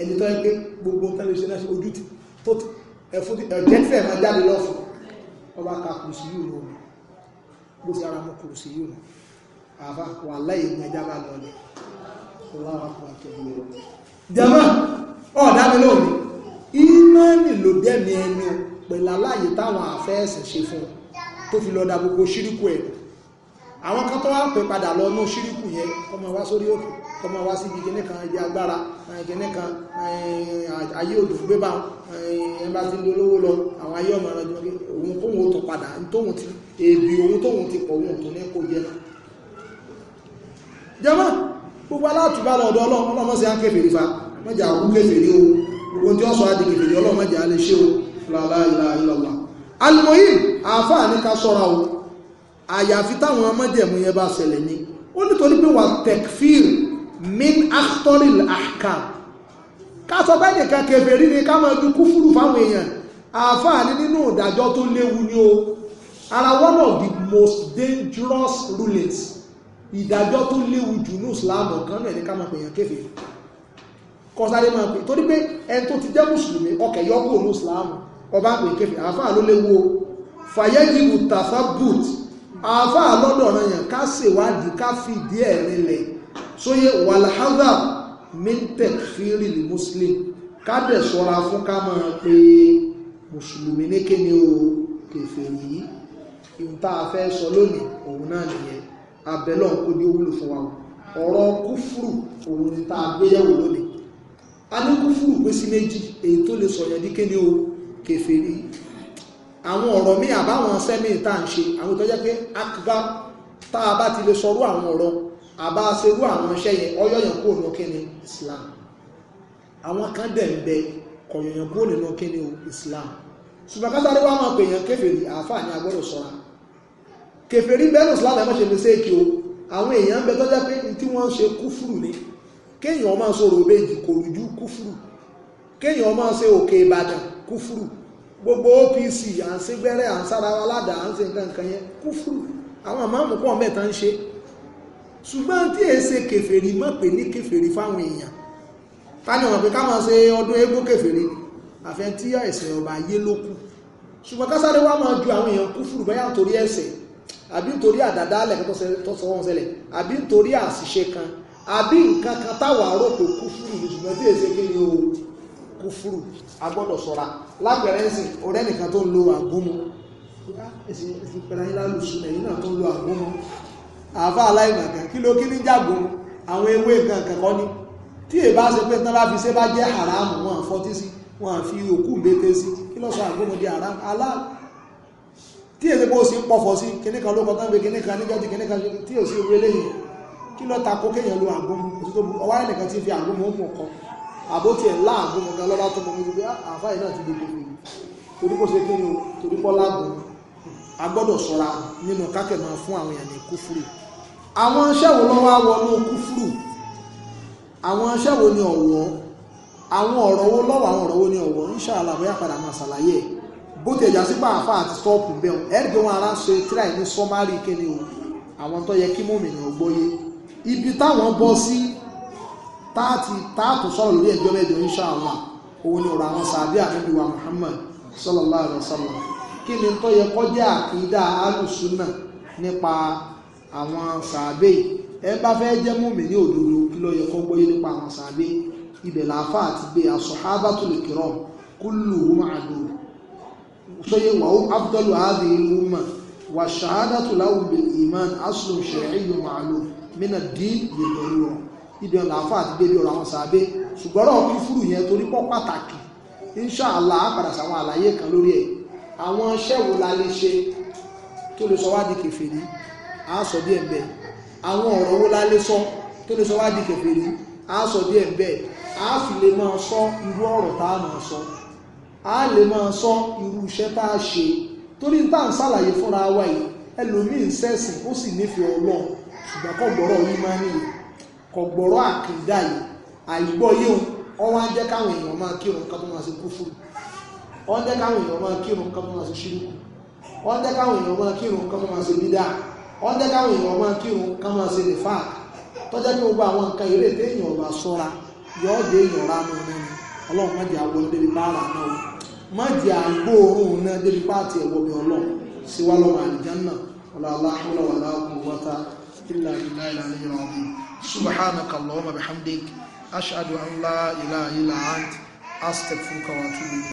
ẹni tó ń pé gbogbo tẹ́lẹ̀ṣẹ́ náà ojú tó ẹ̀jẹ̀ fẹ́ máa jáde lọ́fọ̀ ọba ka kùrùsí yìí ní bó ti ara mú kùrùsí yìí nù àbá wà láì ní ẹjá bá lọ ní ọlọ́run àpò àtẹ̀wé jẹ́mọ́ ọ̀dá mi lónìí ìmọ̀ọ́nì ló dẹ́mi ẹnu pẹ̀lú aláyè táwọn àfẹ́ẹ̀sìn ṣe fún un tó fi lọ́ọ́ da gbogbo ṣíríkù ẹ̀ àwọn kan tó wá pè padà lọ ní ṣíríkù yẹn ọmọ wá sórí òkè ọmọ wá sí ibi kìnnìkan ibi agbára eh, kìnnìkan eh, ayé òdò gbé bá eh, ẹ̀bá ti ń dolówó lọ àwọn ayé ọmọ ọ̀rọ̀ òun kóhun tó padà tóhun ti èbì òun tóhun ti pọ̀ òun tó ní kó jẹ́ náà jẹ́mọ́ gbogbo alátùbálọ̀ ọ̀dọ́ ọlọ́mọ́sí á kéfèrí fa mọ́jà òun kéfèrí ohun gbogbo tí ó sọ adìgì fèrè ọlọ́mọdé a lè ṣe o lálá ìlà ìlọ́lá alimoyin àáfàá ní ká sọ́ra o àyàfi táwọn ọmọdéẹ̀mú yẹn bá ṣẹlẹ̀ ni ó nítorí pé wà tekfir min akhtoril ahka ká sọ pé nìkan kèfèrí ni ká máa dúkú fúrù fáwọn èèyàn àáfàá ní nínú ìdájọ́ tó léwu ni o ara one of the most dangerous rulings ìdájọ́ tó léwu jù ní ìsìlámù kan náà ní ká máa pèèyàn kèfèrí kọsáré máa pè torí pé ẹni tó ti jẹ́ mùsùlùmí ọkẹ̀ yọ́kù òun ìsìláàmù ọba pè kéfì àáfàá ló léwu fàyẹ́jìbù tàfàbùt àáfàá lọ́dọ̀ ọ̀rọ̀ yẹn ká ṣèwádìí ká fi ìdí ẹ̀ rinlẹ̀ sóyè wàlhádà mintek fírí lè muslim ká dẹ̀ sọ́ra fún ká máa pè mùsùlùmí ní kíni o kèfè yìí ìhun tá a fẹ́ sọ lónìí òun náà nìyẹn abẹ́lọ́ọ̀kú ní ó wúlò fún wa ọ̀rọ̀ kúfùrù òun ni tá a gbéyẹ̀wò lónìí alúkúfúrù pé sí méjì èyí tó lè sọ̀yàn díké ní o kèfèrí àwọn ọ̀rọ̀ míì àbáwọn sẹ́mì tá ń ṣe àwọn ìtọ́jẹ́ pé akba tá a bá ti lè sọrú àwọn ọ̀rọ̀ àbá serú àwọn iṣẹ́ yẹn ọyọ̀yàn kúrò nínú kíni Islam àwọn kan dẹ̀ ń bẹ kọ̀yọ̀yàn kúrò nínú kíni Islam ṣùgbọ́n kásáré wá máa pèèyàn kèfèrí àáfàá ni agbọ́dọ̀ sọ́ra kèfèrí bẹ́ẹ̀ ní Islam ẹ̀ mọ́ ṣe mi séèkì o àwọn èèyàn ń bẹ tọ́jẹ́ pé tí wọ́n ń ṣe kúfùrù ni kéèyàn máa sọ̀rọ̀ òbejì kò rújú kúfúrù kéèyàn máa ṣe òkè ìbàdàn kúfúrù gbogbo OPC à ń ṣe gbẹ́rẹ́ à ń sára wa ládàá à ń ṣe nǹkan nǹkan yẹn kúfúrù àwọn àmàmù pọ̀ mẹ́ta ń ṣe ṣùgbọ́n tí è ṣe kèfèrí mọ́ pé ní kèfèrí fáwọn èèyàn tani ọ̀nà pé ká máa ṣe ọdún eégún kèfèrí ni àfẹ́ tí ẹ̀sẹ̀ ọba ayé ló kù ṣùgbọ́n kásáré wa máa ju àwọn èèyàn kúfúrù báyà nítorí ẹ̀sẹ̀ àbí nítorí àdàdálẹ̀ tó sọ wọn ṣẹlẹ̀ àbí nítorí àṣìṣe kan àbí nǹkan kan táwa rò pé kúfúrú ní ṣùgbọ́n tí èsè kí ni o kúfúrú a gbọ́dọ̀ ṣọ́ra lágbẹ̀rẹ́ ẹ̀sìn ọ̀rẹ́ nìkan tó ń lo àgúnmu ẹ̀sìn pẹ̀lú ayé lálùsùn lẹ́yìn náà tó ń lo àgúnmu àfa aláìmọ̀kan kí ló kí ní jàgbọ́n àwọn ewé nǹkan kẹ̀kọ́ ní tí è bá ṣe pé tán bá fi ṣe bá jẹ́ haramu wọn àfọ́tí sí wọn àfi òkú mbété sí kí ló sọ àgbọ́n di haram alá tí èdè bó sì ń pọ̀fọ̀ sí kíníkan ló kọ́ tán gbé kíníkan níjọ́ ti kíníkan tí ò sí orí kí ló ta kó kéèyàn lo àgbọmọ ètò tó ọwọ́ ẹnìkan ti fi àgbọmọ ó mọ̀ kọ àbó tiẹ̀ lá àgbọmọ gan lọ́ba tó mọ mi gbé ah, àfáì náà ti gbogbo mi torí kó ṣe kí ni o torí kọ́ lágbọmọ a gbọ́dọ̀ ṣọ́ra nínú kákẹ́ máa fún àwọn èèyàn ní kúfúrú àwọn ṣẹ́wò lọ́wọ́ wọnú kúfúrú àwọn ṣẹ́wò ni ọ̀wọ́ àwọn ọ̀rọ̀ wo lọ́wọ́ àwọn ọ̀rọ̀ wo ni ọ̀wọ́ inshallah bóyá padà máa ṣàlàyé ẹ̀ bó ti ẹ̀jà sípò àfa àti sọ́ọ̀pù bẹ́ẹ̀ ẹ̀rí pé wọ́n ara ṣe tíráì ní sọ́márì kíni o àwọn tó yẹ kí mòmìnira gbọ́yé ibi táwọn bọ́ sí táàtù sọ̀rọ̀ lórí ẹjọ́ mẹ́jọ insha Allah òun ni ọ̀rọ̀ àwọn sàbí ànábì Muhammad sallallahu alaihi wasallam kí ni tó yẹ kọjá àkídà alùsùnà nípa àwọn sàbí ẹ bá fẹ́ jẹ́ mùmí ní òdodo kí ló yẹ kó gbóyé nípa àwọn sàbí ibẹ̀ làáfà àti gbé as-sahabatul kiram kulluhum àdó sóyè wàhùn afdalu hadhihi al-umma wà ṣàhádàtò láwùlè iman asùn ṣẹ̀ríyù màálù mínà dín ìgbèrú wọn ibi ọ̀nà àfà àti bébí ọ̀rọ̀ àwọn sàbẹ̀ ṣùgbọ́n ọ̀rọ̀ kí fúrù yẹn torí pọ̀ pàtàkì inṣàlá padà sàwọn àlàyé kan lórí ẹ̀ àwọn iṣẹ́ wo la lè ṣe tó lè sọ wá di kèfèrí á sọ díẹ̀ bẹ́ẹ̀ àwọn ọ̀rọ̀ wo la lè sọ tó lè sọ wá di kèfèrí á sọ díẹ̀ bẹ́ẹ̀ á fi lè máa sọ irú ọ̀rọ̀ tá a máa sọ á lè máa sọ irú iṣẹ́ tá a ṣe torí tá à ń ṣàlàyé fúnra wa yìí ẹlòmíì ń ó sì nífẹ̀ẹ́ ọlọ́run ṣùgbọ́n kò gbọ́rọ̀ yìí máa ń yìí kò gbọ́rọ̀ àkìdá yìí àìgbọ́ yìí ó wá jẹ́ káwọn èèyàn máa kírun kan tó máa ṣe ń jẹ́ káwọn èèyàn máa kírun kan tó máa ṣe ń jẹ́ káwọn èèyàn máa kírun kan tó máa ṣe bídà ń jẹ́ káwọn èèyàn máa má jẹ́ àgbó oòrùn náà débi páàtì ẹ̀wọ̀ bí ọlọ́run sí wá lọ́wọ́ àlìjánà ọlọ́lá ọlọ́wọ́lá quwwata illa billahi al-aliyyil azim subhanaka allahumma bihamdik ashhadu an la ilaha illa ant